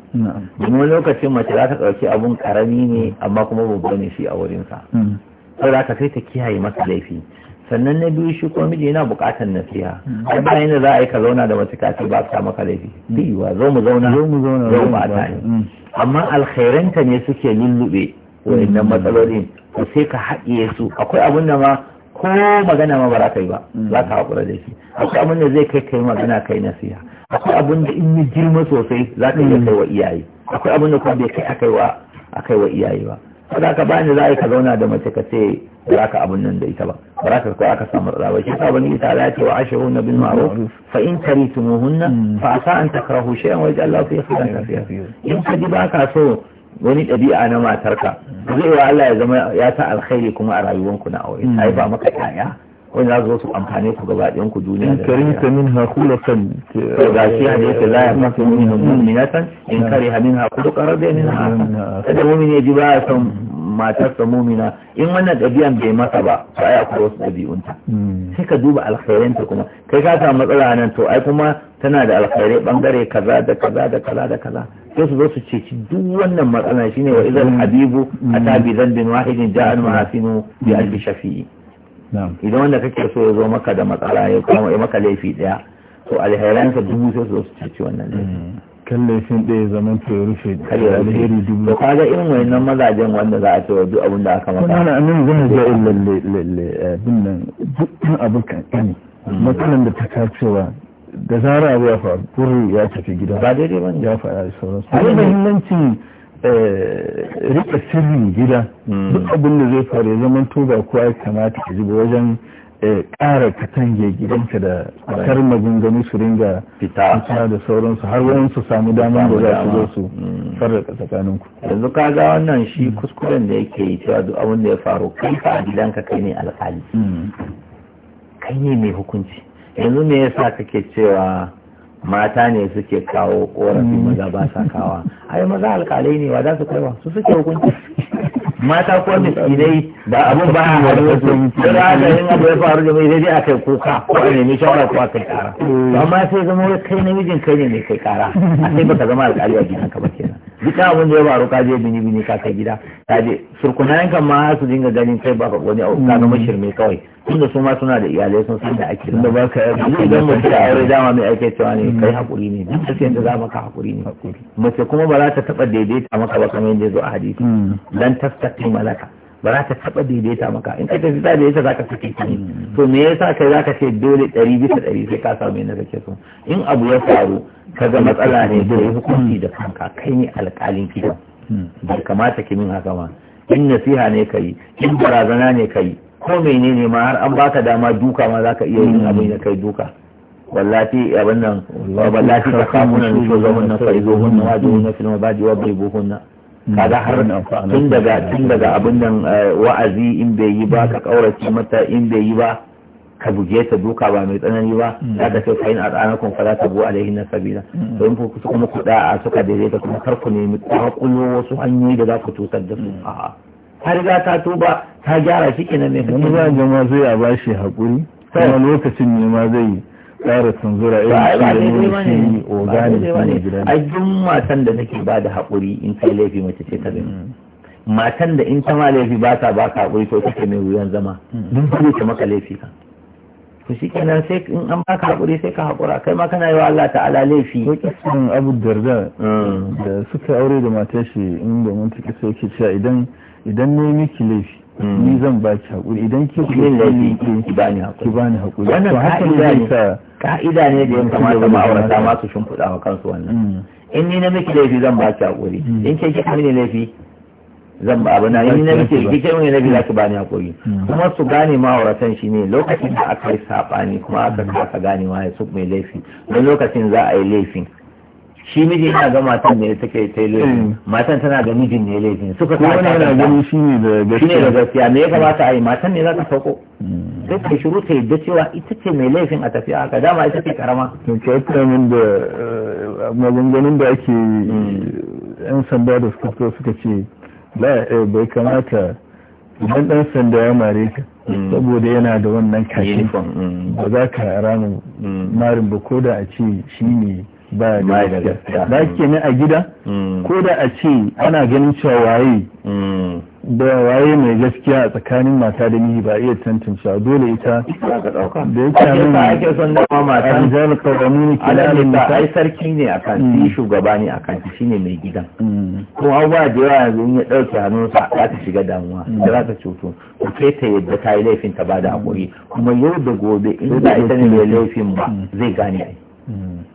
domin lokacin mace za ta ɗauki abun karami ne amma kuma babba ne shi a wurinsa mm. sau da ka kai ta kiyaye masa laifi sannan na biyu shi kuma miji yana bukatar nasiha hmm. ai bayan da za a yi ka zauna da wata kace ba ka maka laifi hmm. biyuwa zo mu zauna zo mu zauna zo mu ata hmm. amma alkhairanta ne suke lullube wayannan matsalolin ko sai ka haƙiye su akwai abin da ma ko magana ma ba za ka yi ba za ka haƙura da shi akwai abin da zai kai kai magana kai nasiha akwai abin da in yi girma sosai za ka iya kai wa iyaye akwai abin da kuma bai kai akai wa iyaye ba ba ka bani za a yi ka zauna da mace ka ce ba za ka abin nan da ita ba ba za ka ko aka samu matsala ba shi sa bani ita ala ce wa ashiru na bin ma'ruf fa in karitumuhunna fa asa an takrahu shay'an wa yaj'al fi khairan kafiya in ka ji ba ka so wani ɗabi'a na matarka zai wa Allah ya zama ya sa alkhairi kuma a rayuwanku na aure ta haifa maka ƴaƴa wani za zo su amfani ku gaba ɗayan ku duniya da kare ta min hakula kan to ga shi a yake eh, la ya masu min in kare ha min hakula qarar da min ha kada mu'min ya ji ba ya san matar sa mu'mina in wannan dabi'an bai masa ba to ai akwai wasu ɗabi'unta hmm. sai ka duba alkhairinta kuma kai ka samu matsala nan to ai kuma tana da alkhairai bangare kaza da kaza da kaza da kaza sai su zo su ceci duk wannan matsala shine wa idan hmm. habibu hmm. atabi dhanbin wahidin jihar mahasinu bi al shafi'i idan wanda kake so ya zo maka da matsala ya kuma ya maka laifi daya to alheransa dubu sai su ci wannan ne mm. kan laifin ɗaya ya zama ya rufe alheri dubu to kaga irin wayannan mazajen wanda za a ce duk abin da aka maka kuma nan zan ga lalle lalle din eh, nan dukkan abin kankani mm. matsalan da ta cewa da zara abu ya faru ya tafi gida ba daidai ban ya faru sauransu. Ai muhimmancin Eh, rika sirrin gida hmm. duk abin zai faru ya zama tuba ko ya kamata ya zuba wajen eh, ƙara katange gidanka da kar maganganu su ringa fita da sauransu har wani su samu damar da za su zo su hmm. farraka tsakanin ku yanzu ka ga wannan shi kuskuren da yake yi cewa duk abin da ya faru kai ka a gidanka kai ne alƙali hmm. kai ne mai hukunci yanzu me yasa kake cewa mata ne suke kawo korafi mm. maza ba sa kawa ai maza alkalai ne wa za su kaiwa su suke hukunci mata ko miskinai da abun ba a haɗu su mm. da da yin abu ya faru da mai daidai a kai kuka ko a nemi shawara ko a kai kara mm. amma sai zama kai namijin kai ne mai kai kara a sai baka zama alkali a gidanka ba kenan duk abin da ya baro ka je bini bini ka kai gida ka je yanka kan ma su dinga ganin kai ba wani abu ka ga shirme kawai tunda su ma suna da iyalai sun san da ake da ba idan mace da aure dama mai ake cewa ne kai mm. hakuri ne da sai da za maka hakuri ne mace kuma ba za ta taba daidaita maka ba kamar yadda zo a hadisi dan mm. tastaqi malaka ba za ta taba daidaita maka in ka ta daidaita za ka sake to me yasa kai za ka ce dole ɗari bisa ɗari sai ka samu yadda kake so in abu ya faru ka ga matsala ne da ya hukunci da kanka kai ne alƙalin kidan bai kamata ki min haka ma in nasiha ne kai in barazana ne kai ko menene ma har an baka dama duka ma zaka iya yin abin da kai duka wallahi abin nan wallahi ta kamuna nushu zamun na faizo hunna wajibu na ba mabadi wa bibuhunna kaga hmm. har tun daga tun daga abin nan eh, wa'azi in bai yi ba hmm. ka kaurace mata in bai yi ba ka buge ta duka ba mai tsanani ba ya hmm. ka ce fa in ta fara tabu na sabila don ku kuma kuɗa a suka daidaita kuma kar ku nemi kwakulo wasu hanyoyi da za ku tutar da su a'a ta riga ta tuba ta gyara shi kenan ne kuma za a jama zai a bashi haƙuri kuma lokacin ne ma zai yi tsara tunzura irin da ne organic ne gidan a duk matan da take ba da haƙuri in sai laifi mace ce ta gani mm. matan da in ta ma laifi ba ta ba ka haƙuri to kake mai wuyan zama mm. duk ba ce maka laifi ka to shi kenan sai in an baka haƙuri sai ka haƙura kai ma kana yi wa Allah ta'ala laifi ko kisan Abu Darda mm. da suka aure da matar shi in mun ta kisa yake cewa idan idan ne miki laifi ni hmm. zan ba ki haƙuri idan ki ki bani haƙuri ki bani haƙuri wannan ka'ida ne ka'ida ne da ya kamata ma'aurata ma su shimfiɗa wa kansu wannan hmm. in ni na miki laifi zan ba ki haƙuri hmm. in ke ki mini laifi zan ba abu na yi na miki ki ke mini laifi za ki bani haƙuri kuma su gane ma'auratan shi ne lokacin da aka yi saɓani kuma aka kasa ganewa ya su mai laifi don lokacin za a yi laifin shi miji yana ga matan ne take ta laifin hmm. matan tana ga mijin ne laifin suka ta wani yana gani shi ne da gaskiya shi da gaskiya me ya kamata a yi matan ne za ta sauko hmm. sai ta shiru ta yadda cewa ita ce mai laifin a tafiya haka dama ita ce karama ka yi tunanin da eh, maganganun da ake hmm. yan sanda da suka so suka ce eh, bai kamata idan dan sanda ya mare ka saboda yana da wannan kashi ba za ka ramu marin ba ko da a ce shi ne ba da gaskiya da ke ne a gida mm. ko da a ce ana ganin cewa mm. da waye mai gaskiya a tsakanin mata da miji ba iya tantancewa dole ita da ya ce min ake son ma mata an jami kawani ne a lalin ai sarki ne a kan shi mm. shugaba ne a kan shi ne mai gidan kuma ba da yawa yanzu ya dauke hannu sa za ta shiga damuwa da za ta cuto ko kai ta yadda ta yi laifin ta ba da hakuri kuma yau da gobe in ba ita ne mai laifin ba zai gane ai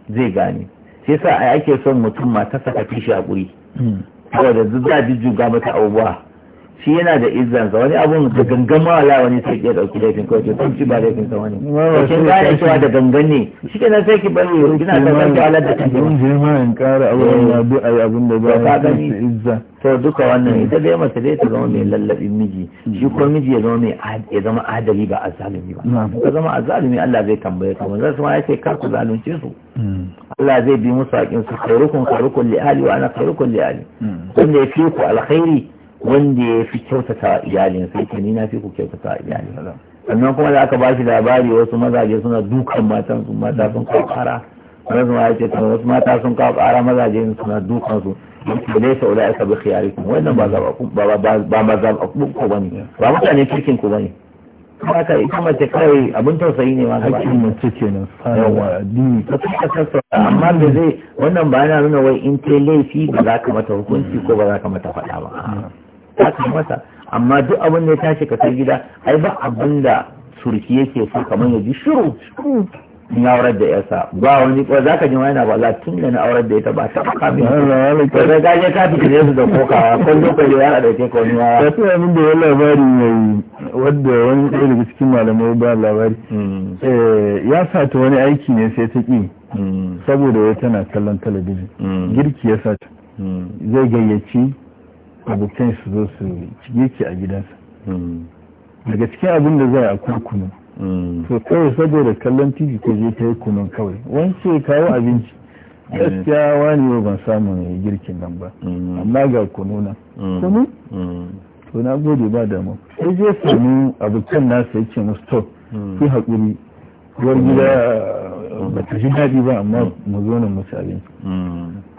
zai gane shi yasa ake son mutum matarsa ta fishi shi haƙuri hmm. saboda zai a jujjuga mata abubuwa shi yana da izzansa wani abun da gangan mawala wani sai ke dauki laifin kawai to kun ci ba laifin sa wani to kin gane cewa da gangan ne shi ke nan sai ki bari kina da gangan alat da kake mun je ma in kare abun eh. ma duk ayi abun da ba ka izza to duka wannan ita dai mace dai ta zama mai lallabin miji shi ko mm. miji ya zama mai ya zama adali ba azalumi ba ka zama azalumi Allah zai tambaye ka manzon sama ya ce kar ku zalunce su mm. Allah zai bi musu hakin su khairukum khairukum li ahli wa ana khairukum li ahli mm. wanda ya fi ku alkhairi wanda ya fi kyautata iyalin sai ke ni na fi ku kyautata iyalin sannan kuma da aka ba shi labari wasu mazaje suna dukan matan su mata sun kawo kara wasu ma yace kuma wasu mata sun kawo kara mazaje suna dukan su ne sau da aka bi kuma wannan ba zaba ba ba ba mazab ku bane ba mutane kirkin ku bane ka ita mace kawai abin tausayi ne ma hakkin mace kenan yawa addini ta tsaka sassa amma da zai wannan ba yana nuna wai in ta laifi ba za ka mata hukunci ko ba za ka mata faɗa ba ta kai masa amma duk abin da ya tashi ka kai gida ai ba abin da surki yake so kamar ya ji shiru in aurar da yasa ba wani ko zaka ji wani ba za tun da na aurar da ita ba ta ba kamin ko da ya ka fi kire su da kokawa ko ko ya da ke ko ni ya ta mun da labari mai wanda wani ko daga cikin malamai ba labari hmm. eh, ya sa ta wani aiki ne sai ta ki hmm. saboda wai tana kallon talabijin hmm. girki ya sa ta. zai gayyaci abokan su zo su cige ki a gidansa daga cikin abin da zai akwai kunu mm. To kawai saboda kallon tv ko je ta kunun kawai wance kawo abinci mm. gaskiya wani yau ban samu mai girkin nan ba mm. amma ga kunu nan to na gode ba damu sai je sami abokan nasa ya ce musu to ki haƙuri uwar gida uh, ba ta ji daɗi ba amma mu zo nan musu abinci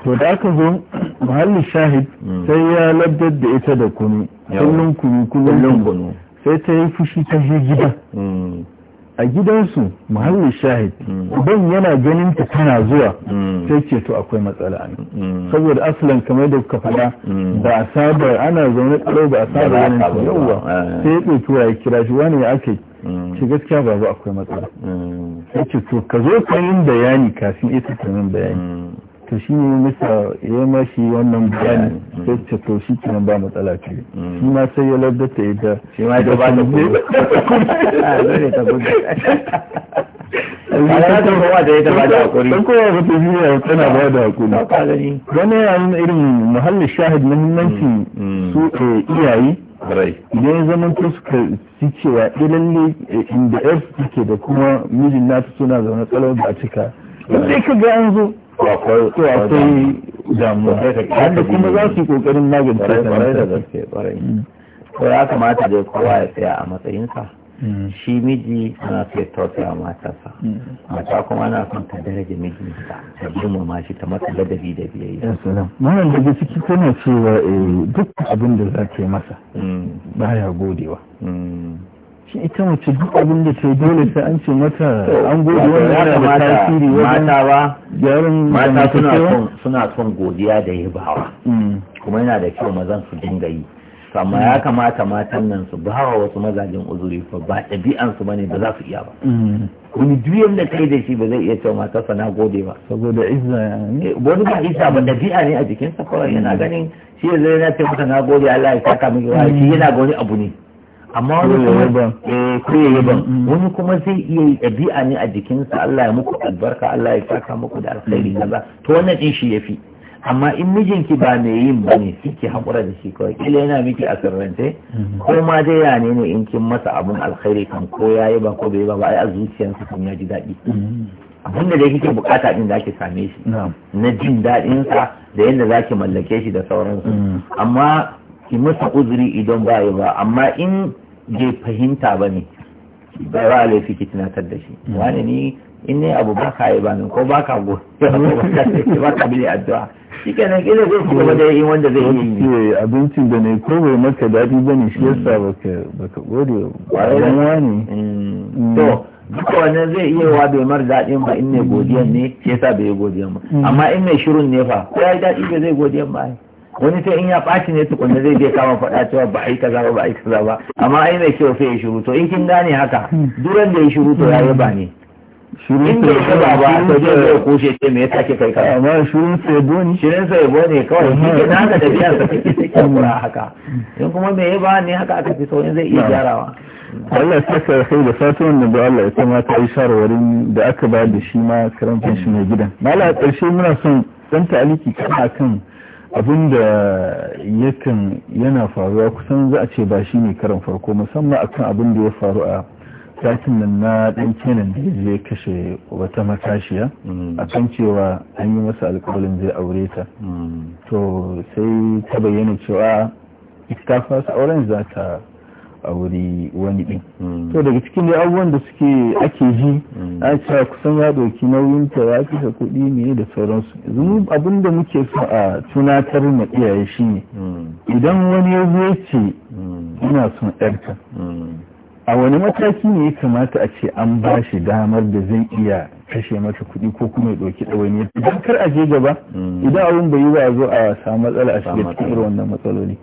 to da aka zo muhallin shahid hmm. sai ya labdar da ita da kunu kullum kunu kullum kunu sai ta yi fushi ta je gida hmm. a gidansu muhallin shahid hmm. uban yana ganin ta tana zuwa sai ce to akwai matsala ne saboda asalin kamar da kuka faɗa ba a saba ana zaune tsaro ba a saba ganin ta yauwa eh. sai ya ɗauki ya kira shi wani ya ake ce gaskiya ba akwai matsala sai ce ka zo yin bayani kafin ita ta yin bayani to shi ne misa ya mashi wannan bayani sai ta to shi kenan ba matsala ce shi ma sai ya lardata ya da shi ma ya ba da kuma a zai ta gudu ya ta kowa da ba da hakuri dan kowa ba ta shi ne tana ba da hakuri wani yayin irin muhallin shahid muhimmanci su iyaye idan ya zama to suka ci cewa ilalle inda f suke da kuma mijin nasu suna zaune tsalau ba a cika sai ka ga an zo akwai to akwai wanda kuma za su yi kokarin magance ta da gaske kwarai ko mm. ya kamata dai kowa ya tsaya a matsayinsa mm. shi miji ana so ya tausaya matarsa mm. mata kuma ana son ta daraja mijinta ta ma shi ta masa ladabi da biyayya malam daga ciki tana cewa eh, duk abin da za ta yi masa baya godewa shi ita mace duk abin da ce dole sai an ce mata an gode wannan yana da tasiri wajen mata ba yaron mata suna son suna son godiya da yabawa mm. kuma yana da kyau mazan su dinga yi amma ya mm. kamata matan nan su ba wa wasu mazajen uzuri ko ba ɗabi'an su bane ba za su iya ba mm. wani duyan da kai da shi ba zai iya cewa matarsa na gode ba saboda izza ne eh, wani ba isa ba ɗabi'a ne a jikinsa kawai yana ganin shi yanzu yana ce mata na gode Allah ya saka miki wa shi yana ga wani abu ne amma wani kuma ko ya ban wani kuma zai iya yi ɗabi'a ne a jikinsa Allah ya muku albarka Allah ya saka muku da alkhairi kaza mm. to wannan din shi yafi amma in mijinki ba mai yin ba ne kike haƙura da shi kawai kila yana miki a sirrance mm. ko ma dai ya ne ne in kin masa abun alkhairi kan ko ya yi ba ko bai ba ba ai a zuciyarsa kan ya ji daɗi mm. abin da dai kike bukata din zaki same shi na jin daɗin sa da yadda za zaki mallake shi da sauransu amma ki masa uzuri idan ba ba amma in bai fahimta ba ne bai ba laifi ki tunatar da shi mm. wani ni in ne abu ba ka yi ba ko ba ka go ba ka bi addu'a shi ke nan kila zai kuma da yin wanda zai yi abincin da ne ko bai maka daɗi ba ne shi yasa mm. ba ka gode ba wani mm. to duka wannan zai iya wa bai mar daɗin ba in ne godiyan ne Ke sa bai yi godiyan ba amma in mai shirin ne fa ko ya yi daɗi ba zai godiyan ba wani sai in ya ɓaci ne tukunna zai je kama faɗa cewa ba a yi kaza ba ba a yi kaza ba amma ai mai kyau sai ya shiru to in kin gane haka duran da ya shiru to ya yaba ne shirin da ya ba ba to je ya kushe ce me yasa ke kai kaza amma shirin sai yabo ne shirin sai yabo ne kawai shi ke naka da biyan sa kike kike mura haka mm. in kuma me ba ne haka aka fi so in zai iya gyarawa Allah ya saka da kai da fatan wanda da Allah ya kuma ta yi shawarwarin da aka ba da shi ma karamcin shi mai gidan mala a ƙarshe muna son dan ta'aliki kana kan abin da yakan yana faruwa kusan za a ce ba shi ne karan farko musamman akan abin da ya faru a satin nan na dan kenan da ya je kashe wata matashiya mm. akan cewa an yi masa alkawalin zai aure ta mm. to sai ta bayyana cewa ita ta fasa auren za ta a wuri wani ɗin to daga cikin da abubuwan da suke ake ji mm. a cewa kusan ya ɗauki nauyin ta ya kashe kuɗi ne da sauransu yanzu abin da muke so a tunatar na iyaye shi ne mm. idan wani ya zo ce mm. ina son ɗarka a wani mataki ne ya kamata a ce an ba shi damar da zai iya kashe mata kuɗi ko kuma ya ɗauki ɗawainiyar idan kar a je gaba idan abin bai yi ba a zo a samu matsala a shiga cikin wannan matsaloli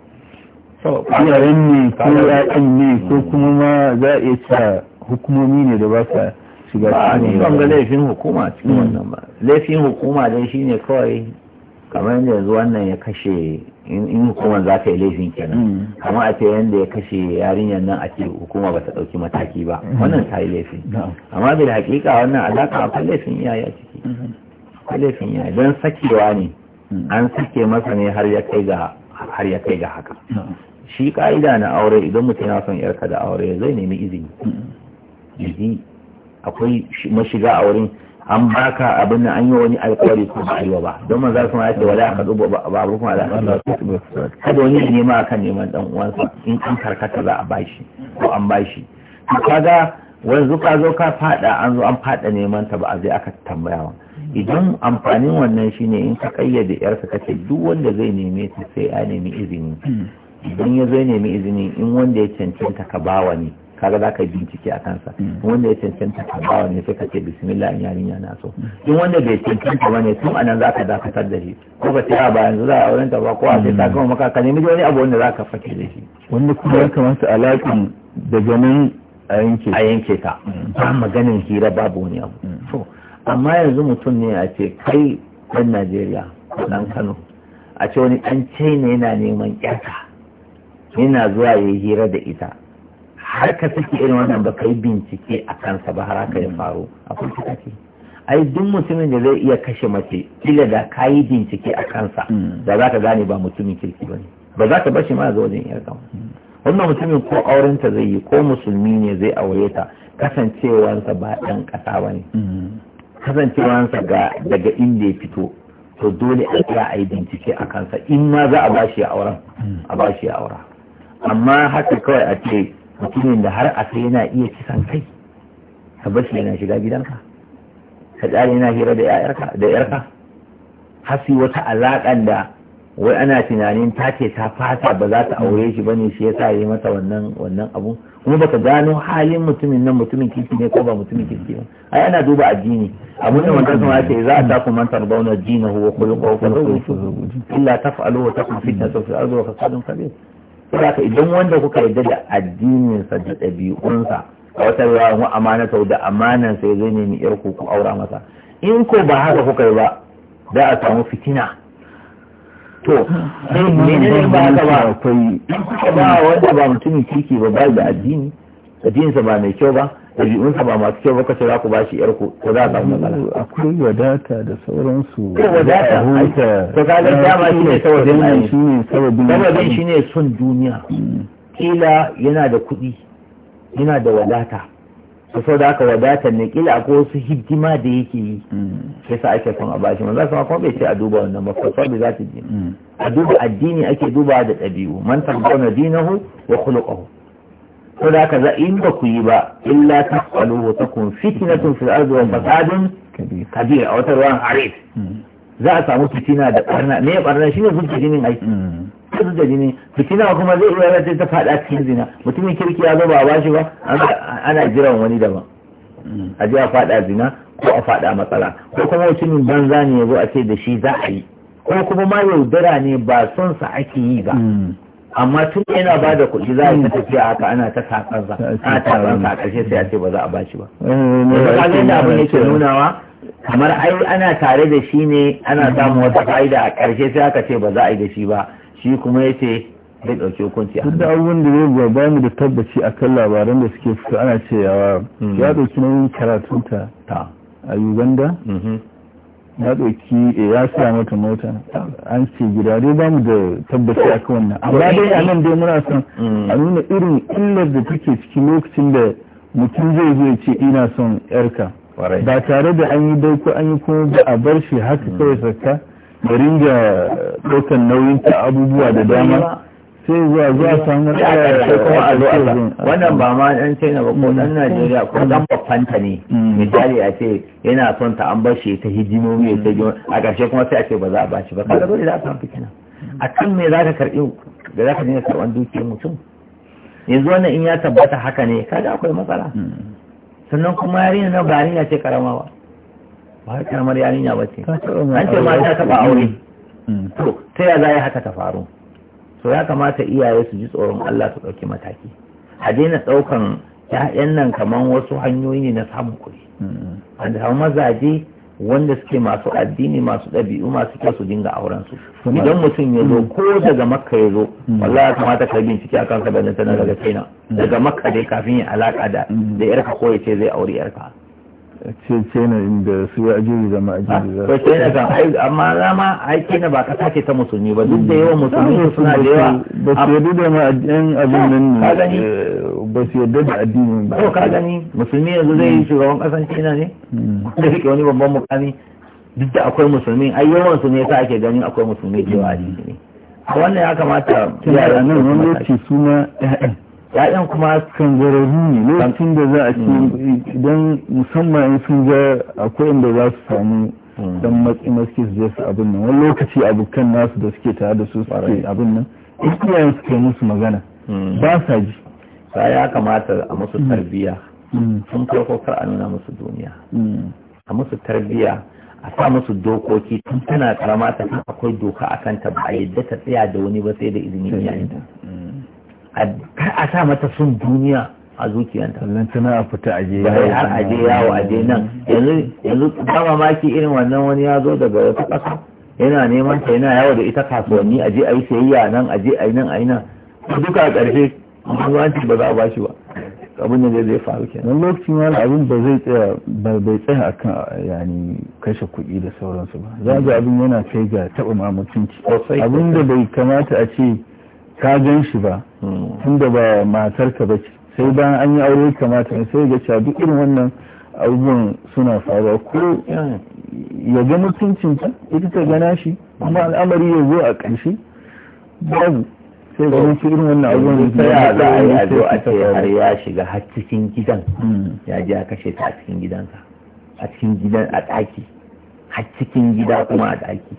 yaran ne ko ya'yan ne ko hmm. kuma ma za a iya cewa hukumomi ne da ba sa shiga cikin wannan ba laifin hukuma cikin hmm. wannan ba laifin hukuma dai shine kawai kamar yadda yanzu wannan ya kashe in hukumar za ta yi laifin kenan hmm. kamar a ce yadda ya kashe yarinyar nan a ce hukuma ba ta ɗauki mataki ba wannan ta yi laifin amma bil hakika wannan alaka akwai laifin iyaye a ciki akwai laifin iyaye don sakewa ne an sake masa ne har ya kai ga har ya kai ga haka shi ka'ida na aure idan mutum ya son yarka da aure zai nemi izini jiki akwai mashiga a wurin an baka abin da an yi wani alkawari ko ba a yi ba don maza sun a wala aka dubo babu kuma da kada wani ya nema akan neman ɗan uwansa in an karkata za a bashi ko an bashi kaga wanzu ka zo ka fada an zo an fada neman ta ba a zai aka tambaya wa idan amfanin wannan shine in ka kayyade yarsa kace duk wanda zai neme ta sai a nemi izini idan ya zai nemi izini in wanda ya cancanta ka bawa ne kaga za ka bincike a kansa hmm. wanda ya cancanta ka bawa ne sai ka ce bismillah in yarinya na so in wanda bai cancanta ba ne tun anan za ka dakatar da shi ko ba sai ba yanzu za a auren ta ba ko a sai hmm. ta gama maka ka nemi wani abu wanda za ka fake da shi wanda kuma ya kamata alaƙin daga nan a yanke ta hmm. ba maganin hira babu wani abu amma yanzu mutum ne a ce kai ɗan najeriya nan kano a ce wani ɗan china yana neman ƙyata yana zuwa ya hira da ita har ka saki irin wannan ba kai bincike a kansa ba har haka ya faru a kuma ai duk mutumin da zai iya kashe mace kila da kayi bincike a kansa mm. da za ka gane ba mutumin kirki ba ne ba za ka bashi ma zuwa wajen yarda wannan mutumin ko aurenta zai yi ko musulmi ne zai aure ta kasancewarsa ba ɗan ƙasa ba ne mm. kasancewansa ga daga inda ya fito to dole a iya a yi bincike a kansa in ma za a bashi auren a bashi aura amma haka kawai a ce mutumin da har a sai yana iya kisan kai ka bashi yana shiga gidanka ka tsari yana hira da yarka da yarka har wata alaƙan da wai ana tunanin ta ce ta fasa ba za ta aure shi bane shi yasa yi mata wannan wannan abu kuma baka gano halin mutumin nan mutumin kiki ne ko ba mutumin kirki ba ai ana duba addini abun ne wannan kuma ce za a ta kuma tarbauna dinahu wa khuluquhu wa khuluquhu illa taf'alu wa takun fitnatun fil ardi wa fasadun kabir saboda idan wanda kuka yarda da addinin sa da dabi'unsa a wata riwaya mu sau da amanan sai zai nemi yar ku ku aura masa in ko ba haka kuka yi ba da a samu fitina to menene ba ka ba ba ba ba ba da addini addininsa ba mai kyau ba ɗabi'unsa ba masu kyau ba kace za ku yar ku akwai wadata da sauransu ko wadata sababin shi ne son duniya mm. kila yana da kuɗi yana da wadata to sau da aka wadatar ne kila akwai wasu hidima da yake yi sa ake son a bashi manzo sama kuma bai ce a duba wannan ba fa bai za ta ji a duba addini ake duba da ɗabi'u man tabbana dinahu wa khuluquhu sau da ka za in ba ku yi ba illa tafaluhu takun fitnatun fil ardi wa fasadun kabir a wata ruwan arif hmm. za a samu fitina da barna me barna shine zulfi jinin aiki hmm. fitar da jini fitina kuma zai iya rata ta fada cikin zina mutumin kirki ya zo ba ba shi ba ana jiran wani daban a ji a fada zina ko a fada matsala ko kuma mutumin banza ne yazo a ce da shi za a yi ko kuma ma yaudara ne ba son sa ake yi ba hmm. amma tun yana ba da kuɗi za a yi tafiya haka ana ta sakarsa hmm. a taron sa ƙarshe sai a ce ba za a ba shi ba. wani eh, da yake nunawa kamar ai ana tare da shi ne ana samun wata fa'ida a ƙarshe sai aka ce ba za a yi da shi ba shi kuma ya ce zai ɗauki hukunci a da abubuwan da zai ba mu da tabbaci a kan labaran da suke fito ana cewa hmm. ya ɗauki nauyin karatunta a uganda mm-hmm. ya ɗauki eh, ya sa mata mota an ce gida dai ba mu da tabbaci a kan wannan amma dai a eh, nan dai muna son hmm. a nuna irin illar da take cikin lokacin da mutum zai zo ce ina son yarka ba tare da an yi dauko an yi kuma ba a bar shi haka kawai sarka. Hmm. da ringa nauyin ta abubuwa da dama sai zuwa zuwa samun ɗaya kuma a zuwa wannan ba ma ɗan china ba ko mm. ɗan najeriya ko ɗan babbanta ne mm. misali a ce yana son ta an bashi ta hidimomi ya ta gima mm. a ƙarshe kuma sai a ce ba za a bashi ba kaga dole za a samu fitina a kan me za ka karɓi da za ka dinga karɓan dukiyar mutum yanzu wannan in ya tabbata haka ne kaga akwai matsala sannan kuma yarinya na ba yarinya ce karamawa. ba kamar yarinya ba ce an ce aure mm. ta ya za haka ta faru to ya kamata iyaye su ji tsoron Allah su ɗauki mataki a daina ɗaukan ‘ya'yan nan kamar wasu hanyoyi ne na samun kuɗi mm. an da mazaje wanda suke masu addini masu ɗabi'u masu kyau su dinga auren su idan mutum ya zo mm. ko daga makka ya zo wallahi ya kamata ka bincike a kanka da tana daga china daga makka dai kafin ya alaka da da yarka ko ya ce zai aure yarka ce ce na inda su ya ajiri da ma ajiri za su ce na kan amma rama ai ce na ba ka ce ta musulmi ba duk da yawan musulmi suna da yawa ba su yadda da ma yan abin nan eh, ba su yadda da addinin ba ko ka gani musulmi yanzu zai yi mm. shugaban kasan china ne da mm. suke wani babban mukami duk da akwai musulmi ai yawan su ne sa ake ganin akwai musulmi cewa addini ne mm. wannan ya kamata yara nan wani lokaci suna ya'yan kuma kan zarari ne lokacin da za a ce hmm. idan musamman sun ga akwai inda za su sami hmm. dan matsi maske su je su abin nan wani lokaci abokan nasu da suke tare da su suke abin nan iyayen suke musu magana hmm. ba sa ji sa ya kamata a musu tarbiyya sun farko kar a nuna musu duniya a musu tarbiyya a sa musu dokoki tun tana karama ta akwai doka a kanta ba a yadda ta tsaya da wani ba sai da izinin iyayenta a sa mata sun duniya a zuciyanta sannan ta a fita aje yawo har aje yawo aje nan yanzu yanzu ba mamaki irin wannan wani ya zo daga wata ƙasa yana neman ta yana yawo da ita kasuwanni aje a yi sayayya nan aje a yi nan a yi nan duka a ƙarshe zuwanci ba za a bashi ba abin da zai faru ke nan lokacin wani abin ba zai tsaya ba bai tsaya akan yani kashe kuɗi da sauransu ba za ga abin yana kai ga taɓa mamutunci abin da bai kamata a ce ka gan shi ba hmm. tunda ba matar ba ce sai bayan an yi aure kamata ne sai ga cewa duk irin wannan abubuwan suna faruwa ko ya ga mutuncin ta ita ta gana shi kuma al'amari ya zo a ƙarshe babu sai ga wasu irin wannan abubuwan da ya yi a zo a ce har ya shiga har cikin gidan hmm. ya je a kashe ta a cikin gidansa a cikin gidan a ɗaki har cikin gida kuma a ɗaki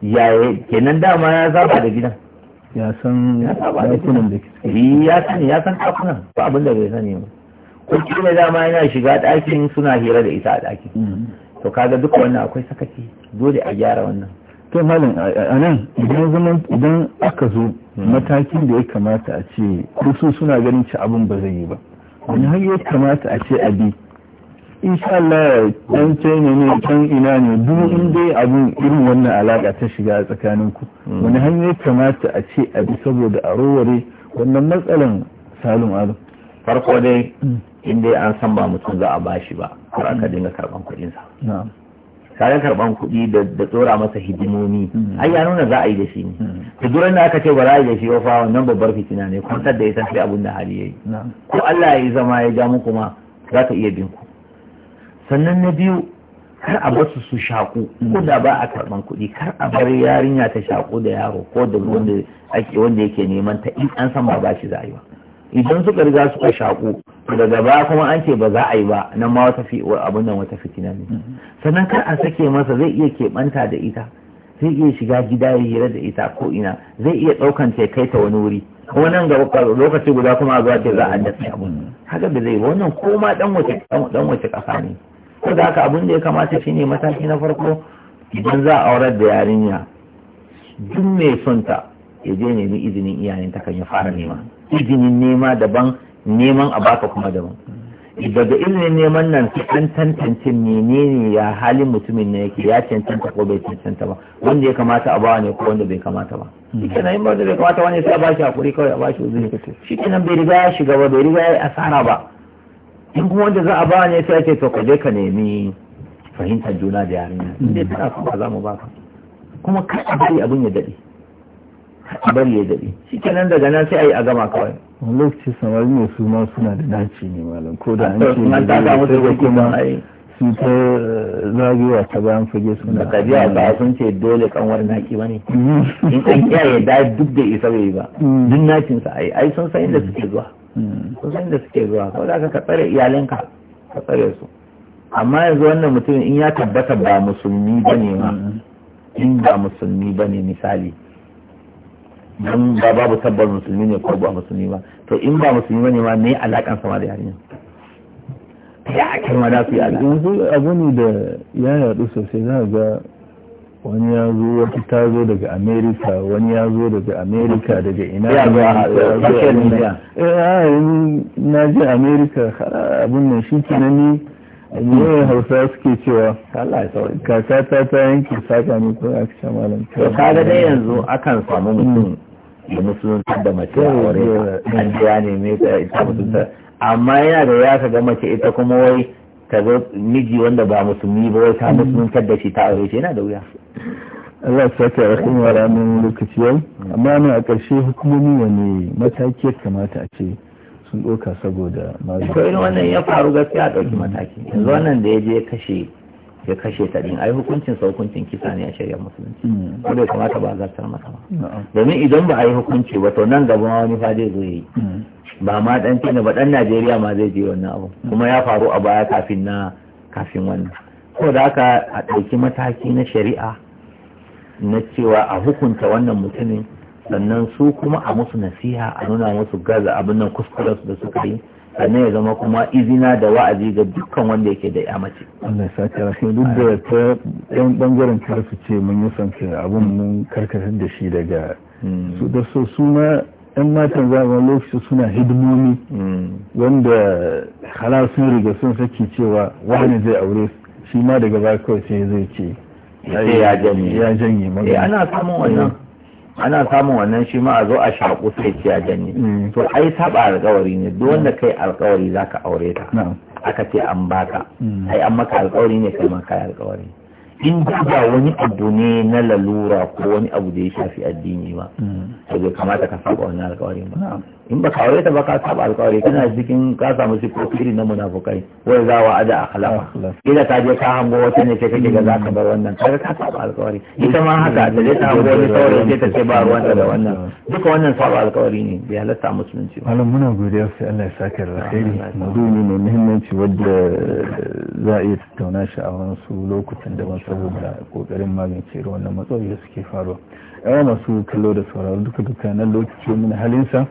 yaya hmm. kenan dama ya saba da gidan ya san dakunan da ke ya ya san kafunan. ba abin da bai sani ba ko kila dama yana shiga ɗakin suna hira da ita a ɗakin mm. to kaga duk wannan akwai sakaci dole a gyara wannan to malam a nan idan zaman idan aka zo mm. matakin da ya kamata a ce kusu suna ganin ci abin ba zai yi ba wani har ya kamata a ce a bi Inshallah Allah dan China ne can ina ne duk in dai abin irin wannan alaka ta shiga tsakanin ku hmm. wani hanyar kamata a ce abu saboda a rowar wannan matsalan salim azu farko dai hmm. in dai an san ba mutum za a bashi ba har aka hmm. dinga karban kuɗin sa kayan karban kuɗi da tsora masa hidimomi ai ya nuna za a yi da shi ne duran da aka ce ba za a yi da shi ba fa wannan babbar fitina ne kwantar da ya san sai abin da hali yi. ko Allah ya yi zama ya ja muku ma za ka iya bin ku sannan na biyu kar a basu su shaku ko da ba a karban kuɗi kar a bar yarinya ta shaku da yaro ko da wanda ake wanda yake neman ta in an san ba ba shi za a yi ba idan suka riga suka shaku daga baya kuma an ce ba za a yi ba nan ma wata abin nan wata fitina ne mm-hmm. sannan kar a sake masa zai iya keɓanta da ita zai iya shiga gida ya hira da ita ko ina zai iya ɗaukan ta kai ta wani wuri kuma nan ga lokaci guda kuma a zuwa ce za a dafa abun mm-hmm. haka da zai wannan ko ma dan wace wace ƙasa ne ko da haka abin da ya kamata shi ne mataki na farko idan za a aurar da yarinya duk mai son ta ya je nemi izinin iyayen ta kan ya fara nema izinin nema daban neman a baka kuma daban daga izinin neman nan su ɗan tantance menene ya halin mutumin na yake ya cancanta ko bai cancanta ba wanda ya kamata a bawa ne ko wanda bai kamata ba shikenan in ba wanda bai kamata wani sai a bashi hakuri kawai a bashi uzuri shikenan bai riga ya shiga ba bai riga ya asara ba in kuma wanda za a ba ne sai ake to ka ka nemi fahimtar juna da yarinya in dai kana so ba za mu ka. kuma kai a bari abin ya dade a bari ya dade shi kenan daga nan sai a yi a gama kawai wani lokaci samari ne su ma suna da naci ne malam ko da an ce ne da kuma su ta eh, zagewa ta bayan fage suna da biya ba sun ce dole kanwar naki ba ne mm. in an kiyaye da duk da isa bai ba mm. duk nakin sa ai ai sun san inda suke zuwa Hmm. kusan da suke zuwa ko da ka tsare iyalinka ka tsare su amma yanzu wannan mutum in ya tabbata ba musulmi ba ne ma hmm. in ba musulmi ba ne misali don ba babu tabbar musulmi ne ko ba musulmi ba to in ba musulmi ba ne ma ne alakan sama da yarinya ya ake ma da su yi alaƙa yanzu abu ne da ya yaɗu sosai za a ga wani ya zo wata ta zo daga amerika wani ya zo daga amerika daga ina ya zo a eh, na ji amerika abin nan shi tunani ne hausa suke cewa kakata ta ta yanke saka ne ko aka kusa malam ka ga dai yanzu akan samu mutum da ta da mace a aure mm. an ji ya neme ta ita ta. amma yana da ya ka ga mace ita kuma wai ka zo miji wanda ba musulmi ba wai ta musulunta da shi ta aure shi yana da wuya Allah ya saka rahim wa ranar lokaci yau amma ne a ƙarshe hukumomi wani mataki ya kamata a ce sun ɗauka saboda mazu ko irin wannan ya faru gaskiya a ɗauki mataki yanzu wannan da ya je kashe ya kashe ta ɗin. ai hukuncin sa hukuncin kisa ne a shari'ar musulunci hmm. ko da kamata ba a zartar masa ba domin idan ba a yi hukunci ba to nan gaba wani fa zai zo yi hmm. ba ma ɗan Kenya ba ɗan Najeriya ma zai je wannan abu hmm. kuma ya faru a baya kafin na kafin wannan ko da haka a ɗauki mataki na shari'a na cewa a hukunta wannan mutumin sannan su kuma a musu nasiha a nuna musu gaza abin nan su da suka yi sannan ya zama kuma izina da wa'azi ga dukkan wanda yake da yamace. Allah ya sake rasu duk da ta ɗan bangaren ta su ce mun yi sanka abin mun karkatar da shi daga hmm. su da so su ma yan matan zama lokaci suna hidimomi hmm. wanda halar sun riga sun saki cewa wani zai aure shi ma daga baya kawai sai zai ce Eh, ana samun wannan mm. ana shi ma a zo a shaƙu sai ce ya janye mm. to ai saba alƙawari ne duk wanda mm. kai alƙawari zaka aure ta aka ce an baka ai an maka alƙawari ne kai ma kai alƙawari in ba wani abu ne na lalura ko wani abu da ya shafi addini ba to bai kamata ka saba wannan alƙawarin ba in ba aure ta ba ka saba alkawari kana cikin ka samu sifofi iri na munafukai wai za wa ada akhlaqa ila ta je ka hango wata ne sai kake ga za ka bar wannan kaga ka saba alkawari ita ma haka da je ta hango wani saurayi sai ta ce ba ruwan da wannan duka wannan saba alkawari ne bai halatta musulunci ba malam muna godiya sai Allah ya saka alkhairi maudu'i ne muhimmanci wanda za a iya tattauna shi a wasu lokutan da ban saboda kokarin magance wannan matsaloli da suke faruwa yawa masu kallo da sauraro duka duka nan lokaci mun halinsa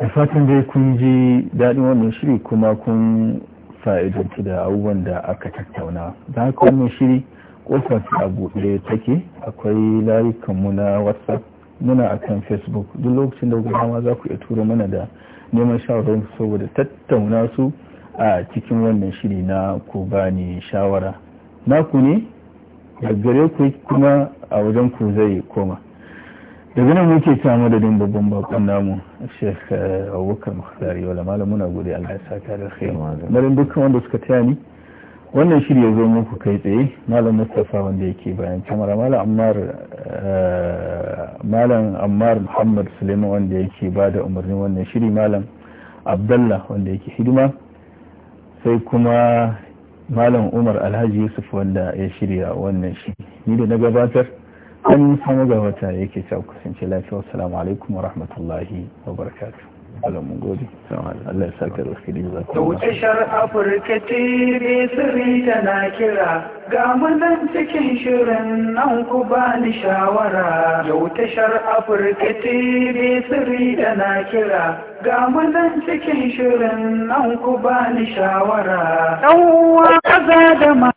da fatan dai kun ji daɗin wannan shiri kuma kun fa'idantu da abubuwan da aka tattauna da haka wannan shiri kofar a buɗe take akwai mu na whatsapp muna akan facebook duk lokacin da kuka ma za ku iya tura mana da neman shawarar saboda tattauna su a cikin wannan shiri na ku bani shawara na ku ne gare ku kuma a wajen ku zai koma daga nan muke ta madadin babban bakon namu shek eh, abubakar muhtari wala malam muna gode allah ya saka da khair malam dukkan wanda suka taya ni wannan shiri ya zo muku kai tsaye malam mustapha wanda yake bayan kamara malam ammar eh, malam ammar muhammad suleiman wanda yake ba da umarnin wannan shiri malam abdallah wanda yake hidima sai kuma malam umar alhaji yusuf wanda ya shirya wannan shiri ni da na gabatar an samu ga wata yake cewa kusance lafiya assalamu alaikum wa rahmatullahi wa barakatuh Allah mun gode Allah ya saka da wuce shar Afirka TV sirri tana kira ga munan cikin shirin nan ku ba ni shawara yau tashar Afirka TV sirri tana kira ga munan cikin shirin nan ku ba ni shawara Ɗan uwa kaza da